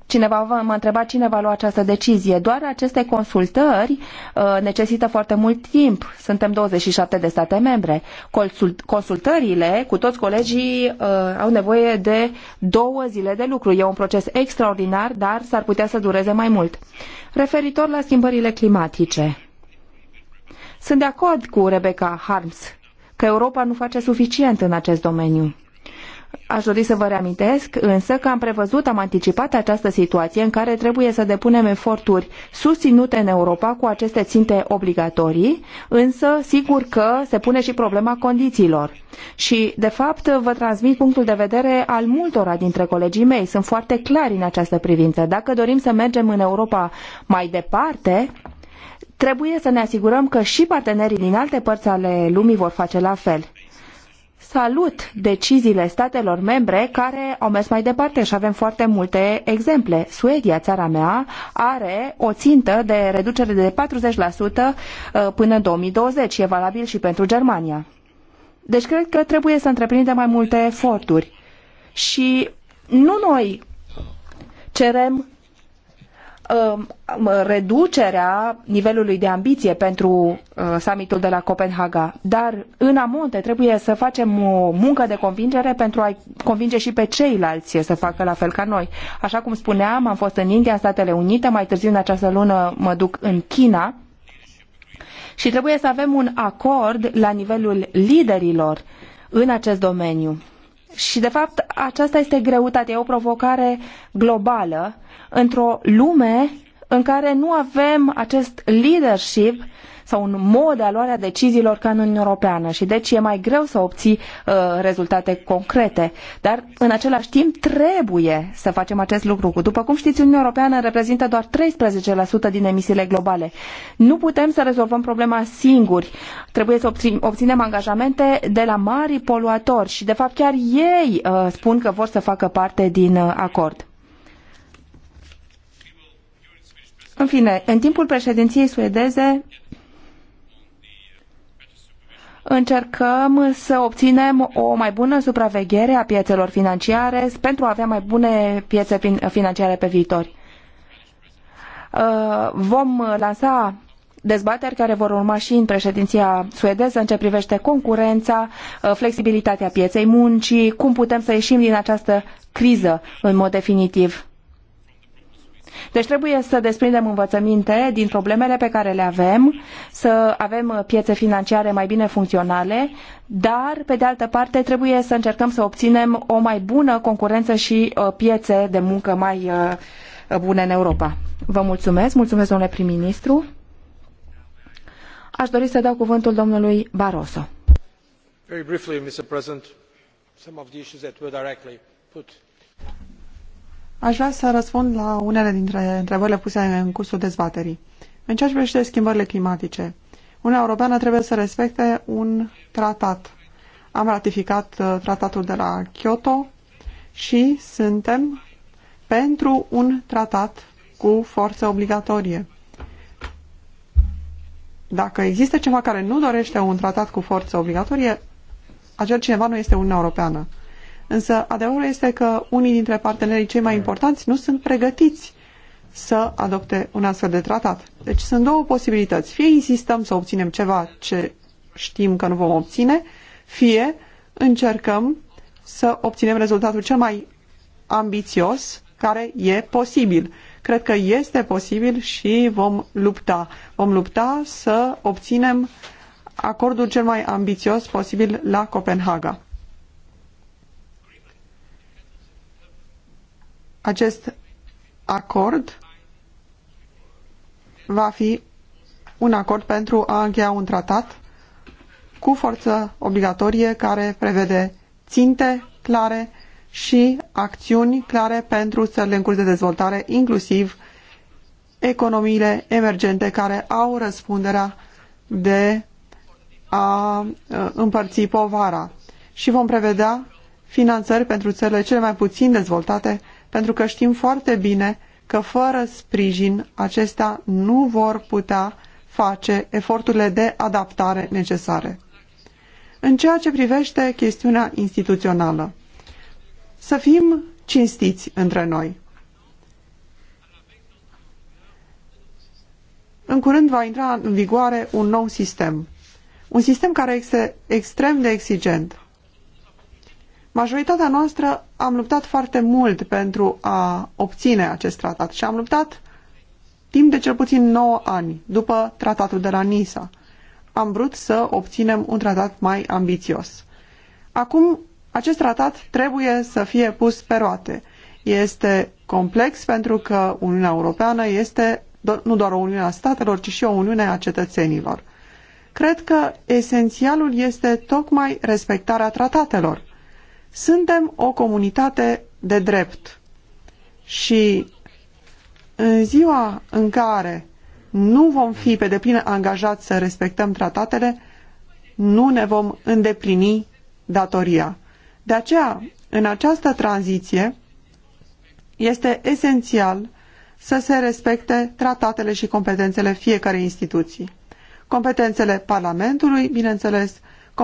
Cineva m-a întrebat cine va lua această decizie. Doar aceste consultări uh, necesită foarte mult timp. Suntem 27 de state membre. Consult consultările cu toți colegii uh, au nevoie de două zile de lucru. E un proces extraordinar, dar s-ar putea să dureze mai mult. Referitor la schimbările climatice. Sunt de acord cu Rebecca Harms că Europa nu face suficient în acest domeniu. Aș dori să vă reamintesc însă că am prevăzut, am anticipat această situație în care trebuie să depunem eforturi susținute în Europa cu aceste ținte obligatorii, însă sigur că se pune și problema condițiilor. Și, de fapt, vă transmit punctul de vedere al multora dintre colegii mei. Sunt foarte clari în această privință. Dacă dorim să mergem în Europa mai departe, trebuie să ne asigurăm că și partenerii din alte părți ale lumii vor face la fel salut deciziile statelor membre care au mers mai departe și avem foarte multe exemple. Suedia, țara mea, are o țintă de reducere de 40% uh, până în 2020. E valabil și pentru Germania. Deci cred că trebuie să întreprindem mai multe eforturi. Și nu noi cerem Um, um, reducerea nivelului de ambiție pentru uh, summitul de la Copenhaga, dar în amonte trebuie să facem o muncă de convingere pentru a-i convinge și pe ceilalți să facă la fel ca noi. Așa cum spuneam, am fost în India, în Statele Unite, mai târziu în această lună mă duc în China și trebuie să avem un acord la nivelul liderilor în acest domeniu și, de fapt, aceasta este greutatea, e o provocare globală într-o lume în care nu avem acest leadership sau un mod de a luarea deciziilor ca în Uniunea Europeană și deci e mai greu să obții uh, rezultate concrete. Dar în același timp trebuie să facem acest lucru. După cum știți, Uniunea Europeană reprezintă doar 13% din emisiile globale. Nu putem să rezolvăm problema singuri. Trebuie să obținem angajamente de la mari poluatori și de fapt chiar ei uh, spun că vor să facă parte din uh, acord. În fine, în timpul președinției suedeze încercăm să obținem o mai bună supraveghere a piețelor financiare pentru a avea mai bune piețe financiare pe viitor. Uh, vom lansa dezbateri care vor urma și în președinția suedeză în ce privește concurența, uh, flexibilitatea pieței muncii, cum putem să ieșim din această criză în mod definitiv deci trebuie să desprindem învățăminte din problemele pe care le avem, să avem piețe financiare mai bine funcționale, dar, pe de altă parte, trebuie să încercăm să obținem o mai bună concurență și uh, piețe de muncă mai uh, bune în Europa. Vă mulțumesc, mulțumesc domnule prim-ministru. Aș dori să dau cuvântul domnului Barroso. Very briefly, Mr. President, some of the issues that were directly put Aș vrea să răspund la unele dintre întrebările puse în cursul dezbaterii. În ceea ce privește schimbările climatice, Uniunea Europeană trebuie să respecte un tratat. Am ratificat uh, tratatul de la Kyoto și suntem pentru un tratat cu forță obligatorie. Dacă există ceva care nu dorește un tratat cu forță obligatorie, acel cineva nu este Uniunea Europeană. Însă adevărul este că unii dintre partenerii cei mai importanți nu sunt pregătiți să adopte un astfel de tratat. Deci sunt două posibilități. Fie insistăm să obținem ceva ce știm că nu vom obține, fie încercăm să obținem rezultatul cel mai ambițios care e posibil. Cred că este posibil și vom lupta. Vom lupta să obținem acordul cel mai ambițios posibil la Copenhaga. Acest acord va fi un acord pentru a încheia un tratat cu forță obligatorie care prevede ținte clare și acțiuni clare pentru țările în curs de dezvoltare, inclusiv economiile emergente care au răspunderea de a uh, împărți povara. Și vom prevedea finanțări pentru țările cele mai puțin dezvoltate pentru că știm foarte bine că fără sprijin acestea nu vor putea face eforturile de adaptare necesare. În ceea ce privește chestiunea instituțională, să fim cinstiți între noi. În curând va intra în vigoare un nou sistem. Un sistem care este extrem de exigent. Majoritatea noastră am luptat foarte mult pentru a obține acest tratat și am luptat timp de cel puțin 9 ani după tratatul de la Nisa. Am vrut să obținem un tratat mai ambițios. Acum, acest tratat trebuie să fie pus pe roate. Este complex pentru că Uniunea Europeană este nu doar o Uniune a statelor, ci și o Uniune a cetățenilor. Cred că esențialul este tocmai respectarea tratatelor. Suntem o comunitate de drept și în ziua în care nu vom fi pe deplin angajați să respectăm tratatele, nu ne vom îndeplini datoria. De aceea, în această tranziție, este esențial să se respecte tratatele și competențele fiecarei instituții. Competențele Parlamentului, bineînțeles,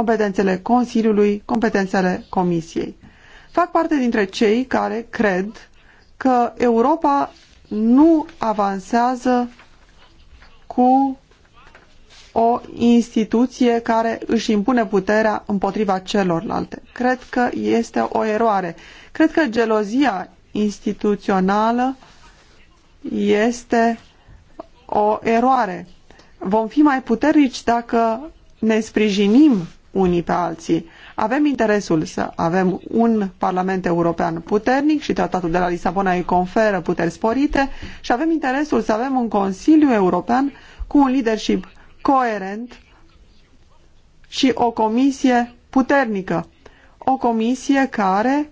competențele Consiliului, competențele Comisiei. Fac parte dintre cei care cred că Europa nu avansează cu o instituție care își impune puterea împotriva celorlalte. Cred că este o eroare. Cred că gelozia instituțională este o eroare. Vom fi mai puternici dacă ne sprijinim unii pe alții. Avem interesul să avem un Parlament European puternic și tratatul de la Lisabona îi conferă puteri sporite și avem interesul să avem un Consiliu European cu un leadership coerent și o comisie puternică. O comisie care,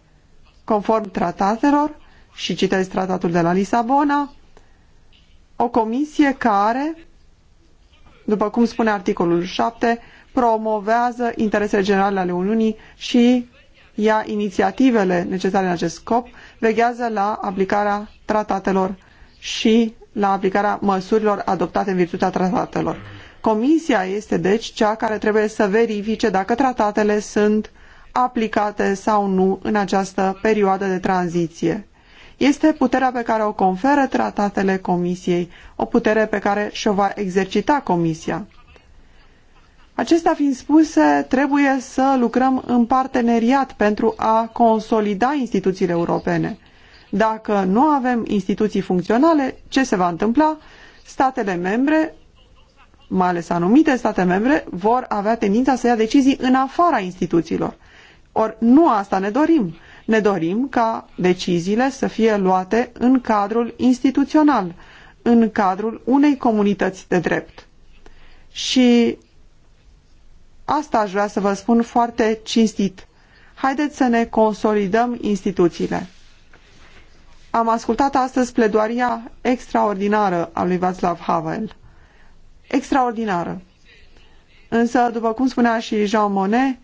conform tratatelor, și citesc tratatul de la Lisabona, o comisie care, după cum spune articolul 7, promovează interesele generale ale Uniunii și ia inițiativele necesare în acest scop, veghează la aplicarea tratatelor și la aplicarea măsurilor adoptate în virtutea tratatelor. Comisia este, deci, cea care trebuie să verifice dacă tratatele sunt aplicate sau nu în această perioadă de tranziție. Este puterea pe care o conferă tratatele Comisiei, o putere pe care și-o va exercita Comisia. Acestea fiind spuse, trebuie să lucrăm în parteneriat pentru a consolida instituțiile europene. Dacă nu avem instituții funcționale, ce se va întâmpla? Statele membre, mai ales anumite state membre, vor avea tendința să ia decizii în afara instituțiilor. Ori nu asta ne dorim. Ne dorim ca deciziile să fie luate în cadrul instituțional, în cadrul unei comunități de drept. Și Asta aș vrea să vă spun foarte cinstit. Haideți să ne consolidăm instituțiile. Am ascultat astăzi pledoaria extraordinară a lui Václav Havel. Extraordinară. Însă, după cum spunea și Jean Monnet,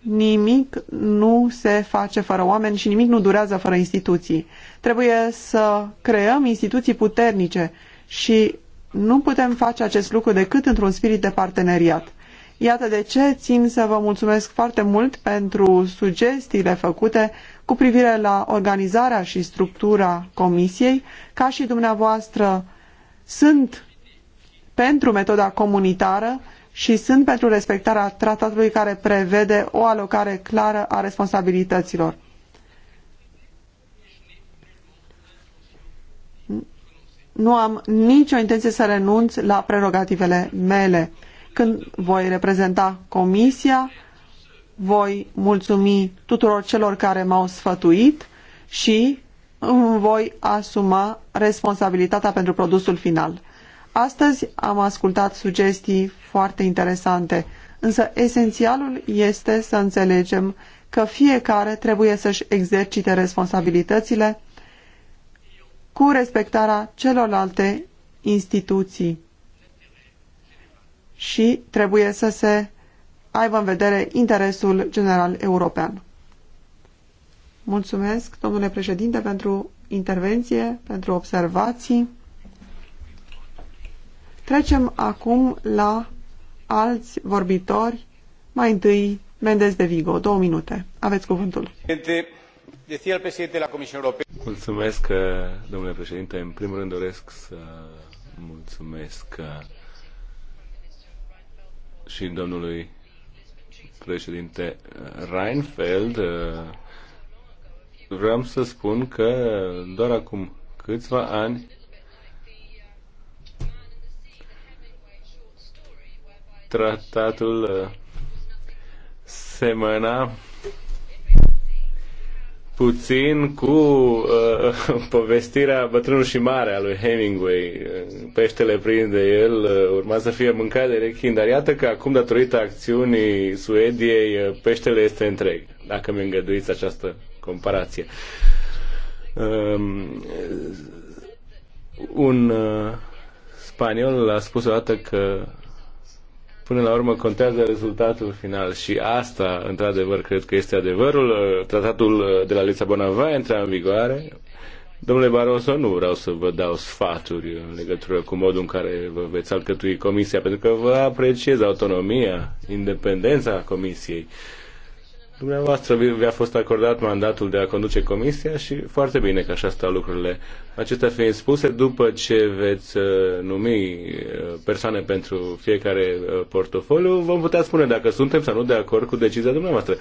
nimic nu se face fără oameni și nimic nu durează fără instituții. Trebuie să creăm instituții puternice și nu putem face acest lucru decât într-un spirit de parteneriat. Iată de ce țin să vă mulțumesc foarte mult pentru sugestiile făcute cu privire la organizarea și structura comisiei. Ca și dumneavoastră, sunt pentru metoda comunitară și sunt pentru respectarea tratatului care prevede o alocare clară a responsabilităților. Nu am nicio intenție să renunț la prerogativele mele. Când voi reprezenta comisia, voi mulțumi tuturor celor care m-au sfătuit și îmi voi asuma responsabilitatea pentru produsul final. Astăzi am ascultat sugestii foarte interesante, însă esențialul este să înțelegem că fiecare trebuie să-și exercite responsabilitățile cu respectarea celorlalte instituții și trebuie să se aibă în vedere interesul general european. Mulțumesc, domnule președinte, pentru intervenție, pentru observații. Trecem acum la alți vorbitori. Mai întâi, Mendez de Vigo, două minute. Aveți cuvântul. Mulțumesc, domnule președinte. În primul rând doresc să mulțumesc și domnului președinte Reinfeld, uh, vreau să spun că doar acum câțiva ani tratatul uh, semăna puțin cu uh, povestirea Bătrânul și a lui Hemingway. Peștele prinde el uh, urma să fie mâncat de rechin, dar iată că acum, datorită acțiunii Suediei, uh, peștele este întreg, dacă mi îngăduiți această comparație. Um, un uh, spaniol a spus odată că Până la urmă contează rezultatul final și asta, într-adevăr, cred că este adevărul. Tratatul de la Lisabona va intra în vigoare. Domnule Barroso, nu vreau să vă dau sfaturi în legătură cu modul în care vă veți alcătui comisia, pentru că vă apreciez autonomia, independența comisiei. Dumneavoastră vi-a fost acordat mandatul de a conduce comisia și foarte bine că așa stau lucrurile. Acestea fiind spuse, după ce veți uh, numi uh, persoane pentru fiecare uh, portofoliu, vom putea spune dacă suntem sau nu de acord cu decizia dumneavoastră.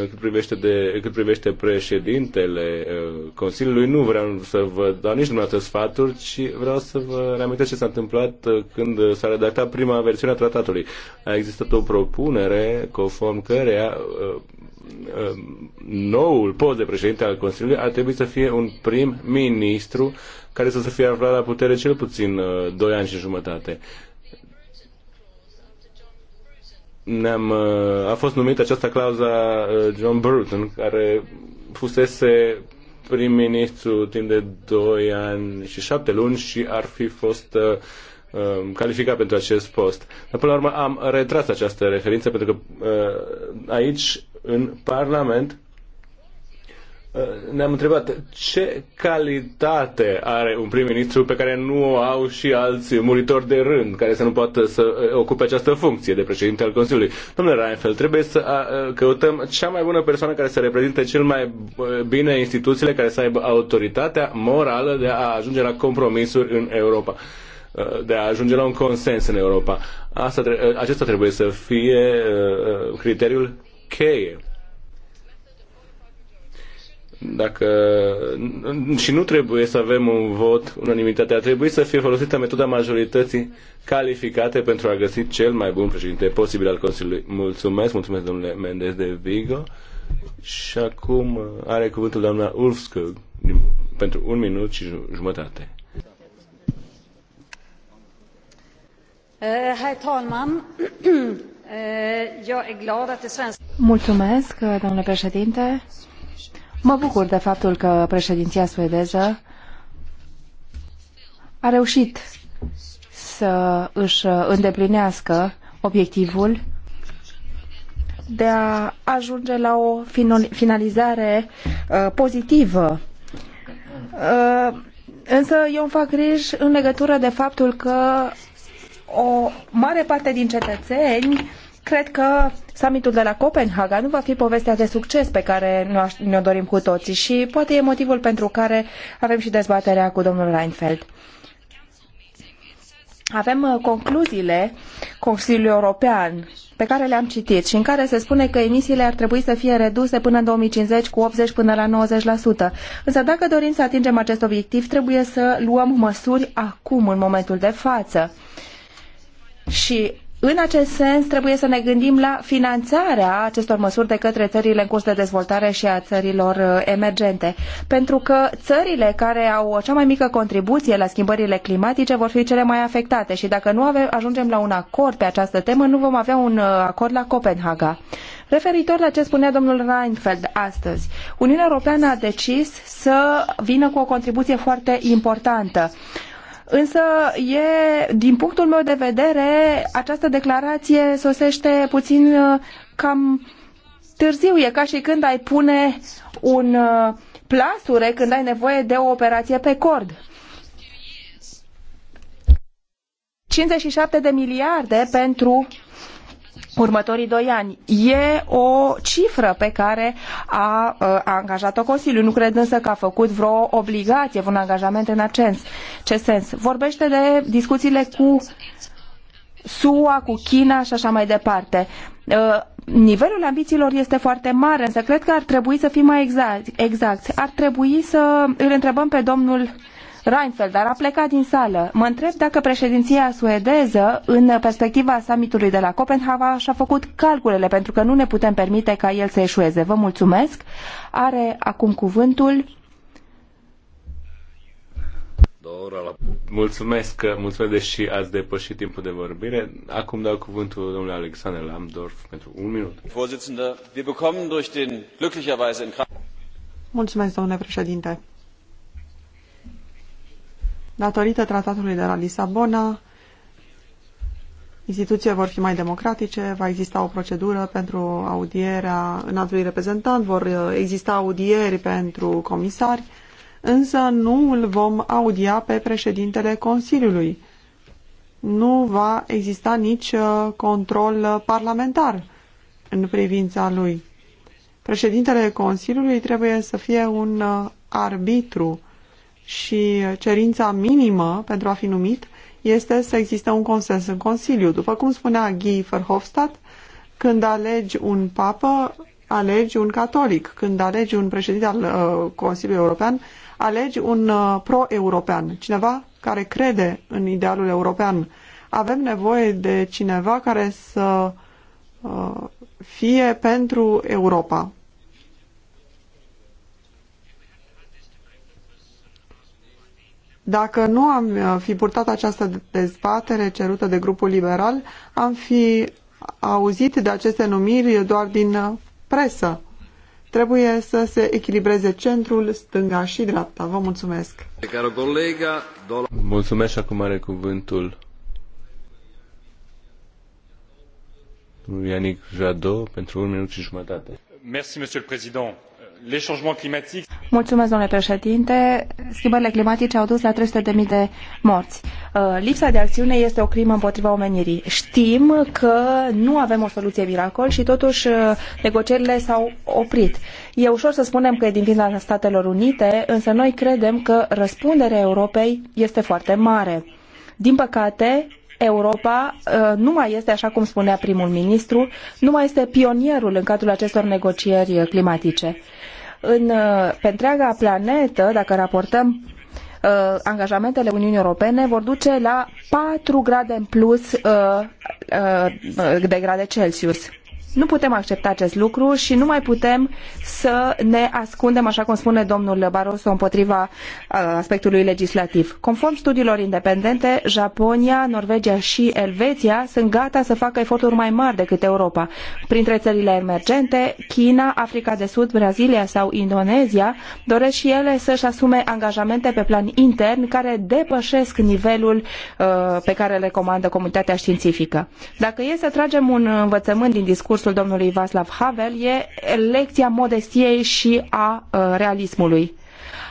Cât privește, de, cât privește președintele Consiliului, nu vreau să vă dau nici dumneavoastră sfaturi, ci vreau să vă reamintesc ce s-a întâmplat când s-a redactat prima versiune a tratatului. A existat o propunere conform căreia Um, noul post de președinte al Consiliului ar trebui să fie un prim-ministru care să se fie aflat la putere cel puțin 2 uh, ani și jumătate. Ne-am, uh, a fost numită această clauza uh, John Bruton, care fusese prim-ministru timp de 2 ani și 7 luni și ar fi fost uh, um, calificat pentru acest post. Dar până la urmă am retras această referință pentru că uh, aici în Parlament, ne-am întrebat ce calitate are un prim-ministru pe care nu o au și alți muritori de rând care să nu poată să eh, ocupe această funcție de președinte al Consiliului. Domnule Reinfeldt, trebuie să eh, căutăm cea mai bună persoană care să reprezinte cel mai eh, bine instituțiile care să aibă autoritatea morală de a ajunge la compromisuri în Europa de a ajunge la un consens în Europa. Asta, acesta trebuie să fie criteriul cheie. Dacă, și nu trebuie să avem un vot, unanimitate, ar trebui să fie folosită metoda majorității calificate pentru a găsi cel mai bun președinte posibil al Consiliului. Mulțumesc, mulțumesc domnule Mendez de Vigo. Și acum are cuvântul doamna Ulfskog pentru un minut și jumătate. Eh, herr talman! eu e glad că svensk... Mulțumesc, domnule președinte. Mă bucur de faptul că președinția suedeză a reușit să își îndeplinească obiectivul de a ajunge la o finalizare uh, pozitivă. Uh, însă eu îmi fac griji în legătură de faptul că o mare parte din cetățeni Cred că summitul de la Copenhaga nu va fi povestea de succes pe care ne-o dorim cu toții și poate e motivul pentru care avem și dezbaterea cu domnul Reinfeldt. Avem uh, concluziile Consiliului European pe care le-am citit și în care se spune că emisiile ar trebui să fie reduse până în 2050 cu 80 până la 90%. Însă dacă dorim să atingem acest obiectiv, trebuie să luăm măsuri acum, în momentul de față. Și în acest sens, trebuie să ne gândim la finanțarea acestor măsuri de către țările în curs de dezvoltare și a țărilor uh, emergente, pentru că țările care au cea mai mică contribuție la schimbările climatice vor fi cele mai afectate și dacă nu avem, ajungem la un acord pe această temă, nu vom avea un uh, acord la Copenhaga. Referitor la ce spunea domnul Reinfeld astăzi, Uniunea Europeană a decis să vină cu o contribuție foarte importantă Însă, e, din punctul meu de vedere, această declarație sosește puțin uh, cam târziu. E ca și când ai pune un uh, plasure când ai nevoie de o operație pe cord. 57 de miliarde pentru următorii doi ani. E o cifră pe care a, a angajat-o Consiliul. Nu cred însă că a făcut vreo obligație, vreun angajament în acest Ce sens? Vorbește de discuțiile cu SUA, cu China și așa mai departe. Uh, nivelul ambițiilor este foarte mare, însă cred că ar trebui să fim mai exact. exact. Ar trebui să îl întrebăm pe domnul Reinfeldt, dar a plecat din sală. Mă întreb dacă președinția suedeză, în perspectiva summitului de la Copenhaga, și-a făcut calculele, pentru că nu ne putem permite ca el să eșueze. Vă mulțumesc. Are acum cuvântul. Mulțumesc, mulțumesc, deși ați depășit timpul de vorbire. Acum dau cuvântul domnului Alexander Lamdorf pentru un minut. Mulțumesc, domnule președinte. Datorită tratatului de la Lisabona, instituțiile vor fi mai democratice, va exista o procedură pentru audierea înaltului reprezentant, vor uh, exista audieri pentru comisari, însă nu îl vom audia pe președintele Consiliului. Nu va exista nici uh, control uh, parlamentar în privința lui. Președintele Consiliului trebuie să fie un arbitru și cerința minimă pentru a fi numit este să existe un consens în Consiliu. După cum spunea Guy Verhofstadt, când alegi un papă, alegi un catolic. Când alegi un președinte al uh, Consiliului European, alegi un uh, pro-european, cineva care crede în idealul european. Avem nevoie de cineva care să uh, fie pentru Europa. Dacă nu am uh, fi purtat această dezbatere cerută de grupul liberal, am fi auzit de aceste numiri doar din uh, presă. Trebuie să se echilibreze centrul, stânga și dreapta. Vă mulțumesc! Mulțumesc și acum are cuvântul Ianic Jadot pentru un minut și jumătate. Merci, monsieur le président Mulțumesc, domnule președinte. Schimbările climatice au dus la 300.000 de morți. Uh, lipsa de acțiune este o crimă împotriva omenirii. Știm că nu avem o soluție miracol și totuși uh, negocierile s-au oprit. E ușor să spunem că e din vina Statelor Unite, însă noi credem că răspunderea Europei este foarte mare. Din păcate, Europa uh, nu mai este, așa cum spunea primul ministru, nu mai este pionierul în cadrul acestor negocieri climatice în, uh, pe întreaga planetă, dacă raportăm uh, angajamentele Uniunii Europene vor duce la patru grade în plus uh, de grade Celsius. Nu putem accepta acest lucru și nu mai putem să ne ascundem, așa cum spune domnul Barroso, împotriva uh, aspectului legislativ. Conform studiilor independente, Japonia, Norvegia și Elveția sunt gata să facă eforturi mai mari decât Europa. Printre țările emergente, China, Africa de Sud, Brazilia sau Indonezia doresc și ele să-și asume angajamente pe plan intern care depășesc nivelul uh, pe care le comandă comunitatea științifică. Dacă e să tragem un învățământ din discursul discursul domnului Václav Havel e lecția modestiei și a uh, realismului.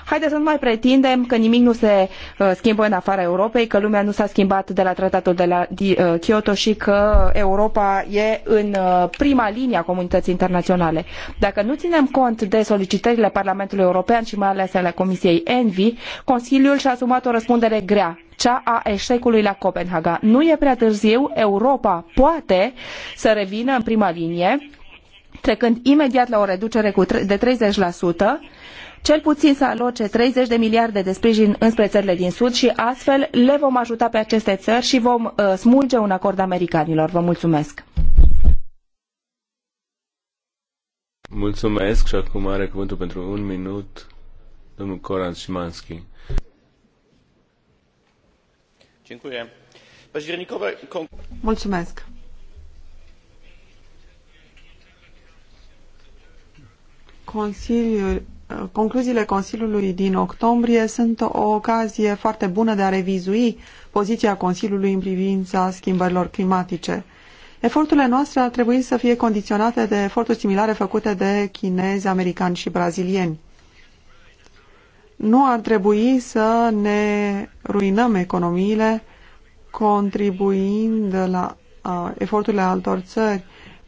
Haideți să nu mai pretindem că nimic nu se uh, schimbă în afara Europei, că lumea nu s-a schimbat de la tratatul de la uh, Kyoto și că Europa e în uh, prima linie a comunității internaționale. Dacă nu ținem cont de solicitările Parlamentului European și mai ales ale Comisiei Envi, Consiliul și-a asumat o răspundere grea cea a eșecului la Copenhaga. Nu e prea târziu, Europa poate să revină în prima linie, trecând imediat la o reducere de 30%, cel puțin să aloce 30 de miliarde de sprijin înspre țările din Sud și astfel le vom ajuta pe aceste țări și vom uh, smulge un acord americanilor. Vă mulțumesc! Mulțumesc și acum are cuvântul pentru un minut domnul Coran Szymanski. Mulțumesc. Consiliul concluziile Consiliului din octombrie sunt o ocazie foarte bună de a revizui poziția Consiliului în privința schimbărilor climatice. Eforturile noastre ar trebui să fie condiționate de eforturi similare făcute de chinezi, americani și brazilieni. Nu ar trebui să ne ruinăm economiile contribuind la eforturile altor țări.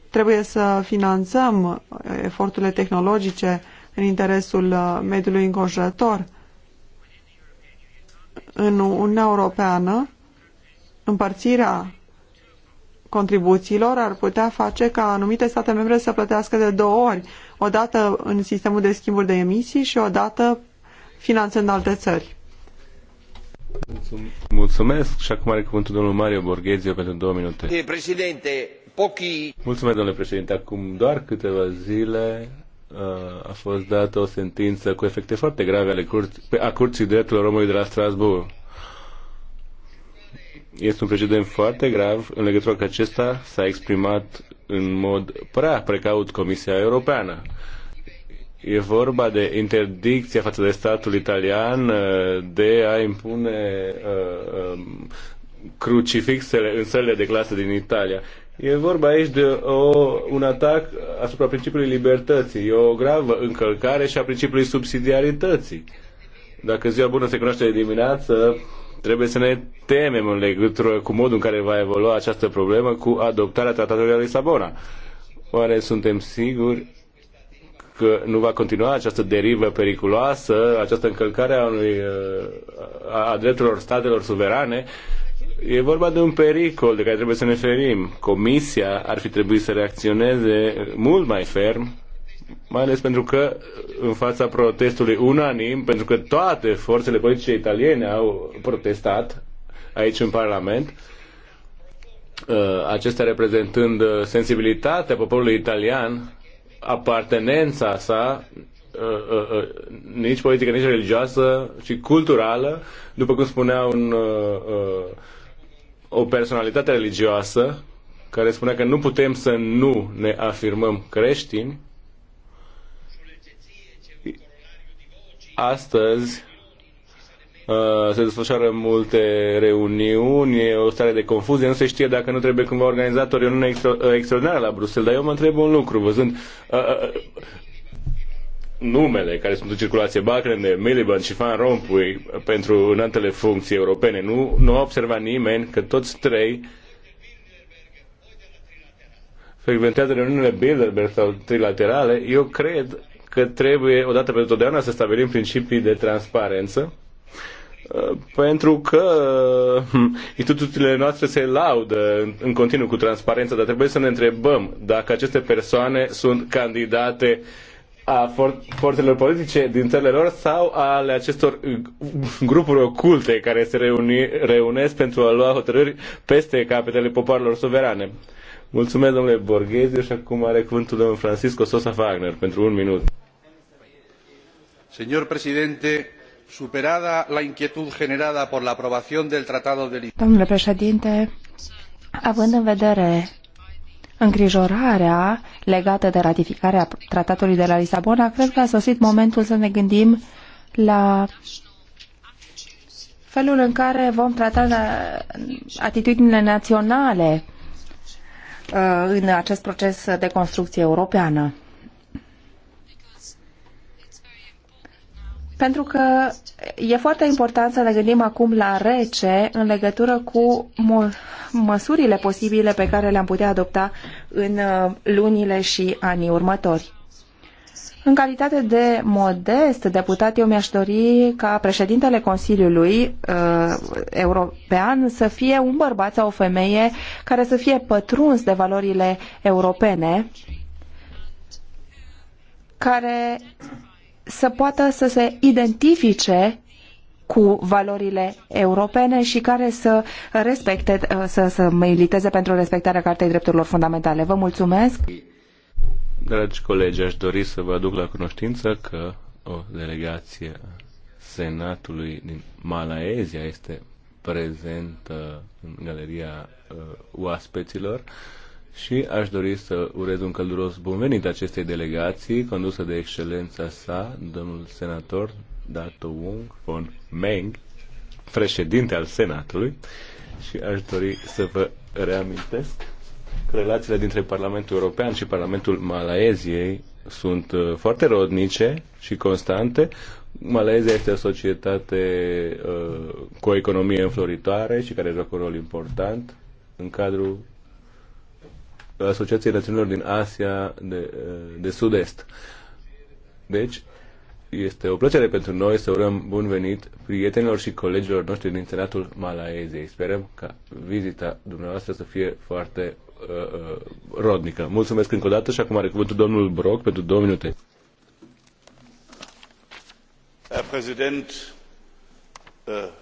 Trebuie să finanțăm eforturile tehnologice în interesul uh, mediului înconjurător. În Uniunea Europeană, împărțirea contribuțiilor ar putea face ca anumite state membre să plătească de două ori, o dată în sistemul de schimburi de emisii și o dată finanțând alte țări. Mulțumesc și acum are cuvântul domnul Mario Borghezio pentru două minute. Președinte, pochi... Mulțumesc, domnule președinte. Acum doar câteva zile a fost dată o sentință cu efecte foarte grave ale curți, a Curții Drepturilor Omului de la Strasbourg. Este un precedent foarte grav în legătură cu acesta s-a exprimat în mod prea precaut Comisia Europeană. E vorba de interdicția față de statul italian de a impune crucifixele în sălile de clasă din Italia. E vorba aici de o, un atac asupra principiului libertății. E o gravă încălcare și a principiului subsidiarității. Dacă ziua bună se cunoaște de dimineață, trebuie să ne temem în legătură cu modul în care va evolua această problemă cu adoptarea tratatului de Lisabona. Oare suntem siguri că nu va continua această derivă periculoasă, această încălcare a, unui, a drepturilor statelor suverane E vorba de un pericol de care trebuie să ne ferim. Comisia ar fi trebuit să reacționeze mult mai ferm, mai ales pentru că în fața protestului unanim, pentru că toate forțele politice italiene au protestat aici în Parlament, uh, acestea reprezentând uh, sensibilitatea poporului italian, apartenența sa uh, nici politică, nici religioasă, ci culturală, după cum spunea un o personalitate religioasă care spunea că nu putem să nu ne afirmăm creștini, astăzi uh, se desfășoară multe reuniuni, e o stare de confuzie, nu se știe dacă nu trebuie cumva organizat o reuniune extraordinară la Bruxelles. Dar eu mă întreb un lucru, văzând, uh, uh, numele care sunt în circulație, Bacrene, Miliband și Van Rompuy, pentru înaltele funcții europene. Nu, nu a observat nimeni că toți trei frecventează reuniunile bilaterale sau trilaterale. Eu cred că trebuie, odată pentru totdeauna, să stabilim principii de transparență, uh, pentru că uh, instituțiile noastre se laudă în continuu cu transparența, dar trebuie să ne întrebăm dacă aceste persoane sunt candidate uh, a forțelor politice din țările lor sau ale acestor grupuri oculte care se reuni, reunesc pentru a lua hotărâri peste capetele popoarelor suverane. Mulțumesc, domnule Borghezi, și acum are cuvântul domnul Francisco Sosa Wagner pentru un minut. Señor presidente, superada la inquietud generada por la aprobación del Tratado de Lisboa. Domnule președinte, având în vedere îngrijorarea legată de ratificarea tratatului de la Lisabona, cred că a sosit momentul să ne gândim la felul în care vom trata atitudinile naționale uh, în acest proces de construcție europeană. pentru că e foarte important să ne gândim acum la rece în legătură cu măsurile posibile pe care le-am putea adopta în uh, lunile și anii următori. În calitate de modest deputat, eu mi-aș dori ca președintele Consiliului uh, European să fie un bărbat sau o femeie care să fie pătruns de valorile europene, care să poată să se identifice cu valorile europene și care să respecte, uh, să, să militeze pentru respectarea Cartei Drepturilor Fundamentale. Vă mulțumesc! Dragi colegi, aș dori să vă aduc la cunoștință că o delegație Senatului din Malaezia este prezentă în galeria uh, oaspeților și aș dori să urez un călduros bun venit acestei delegații condusă de excelența sa, domnul senator Dato Wong von Meng, președinte al Senatului și aș dori să vă reamintesc că relațiile dintre Parlamentul European și Parlamentul Malaeziei sunt uh, foarte rodnice și constante. Malaezia este o societate uh, cu o economie înfloritoare și care joacă un rol important în cadrul Asociației Națiunilor din Asia de, de Sud-Est. Deci, este o plăcere pentru noi să urăm bun venit prietenilor și colegilor noștri din Senatul Malaeziei. Sperăm ca vizita dumneavoastră să fie foarte uh, uh, rodnică. Mulțumesc încă o dată și acum are cuvântul domnul Brock pentru două minute. Herr Präsident, äh,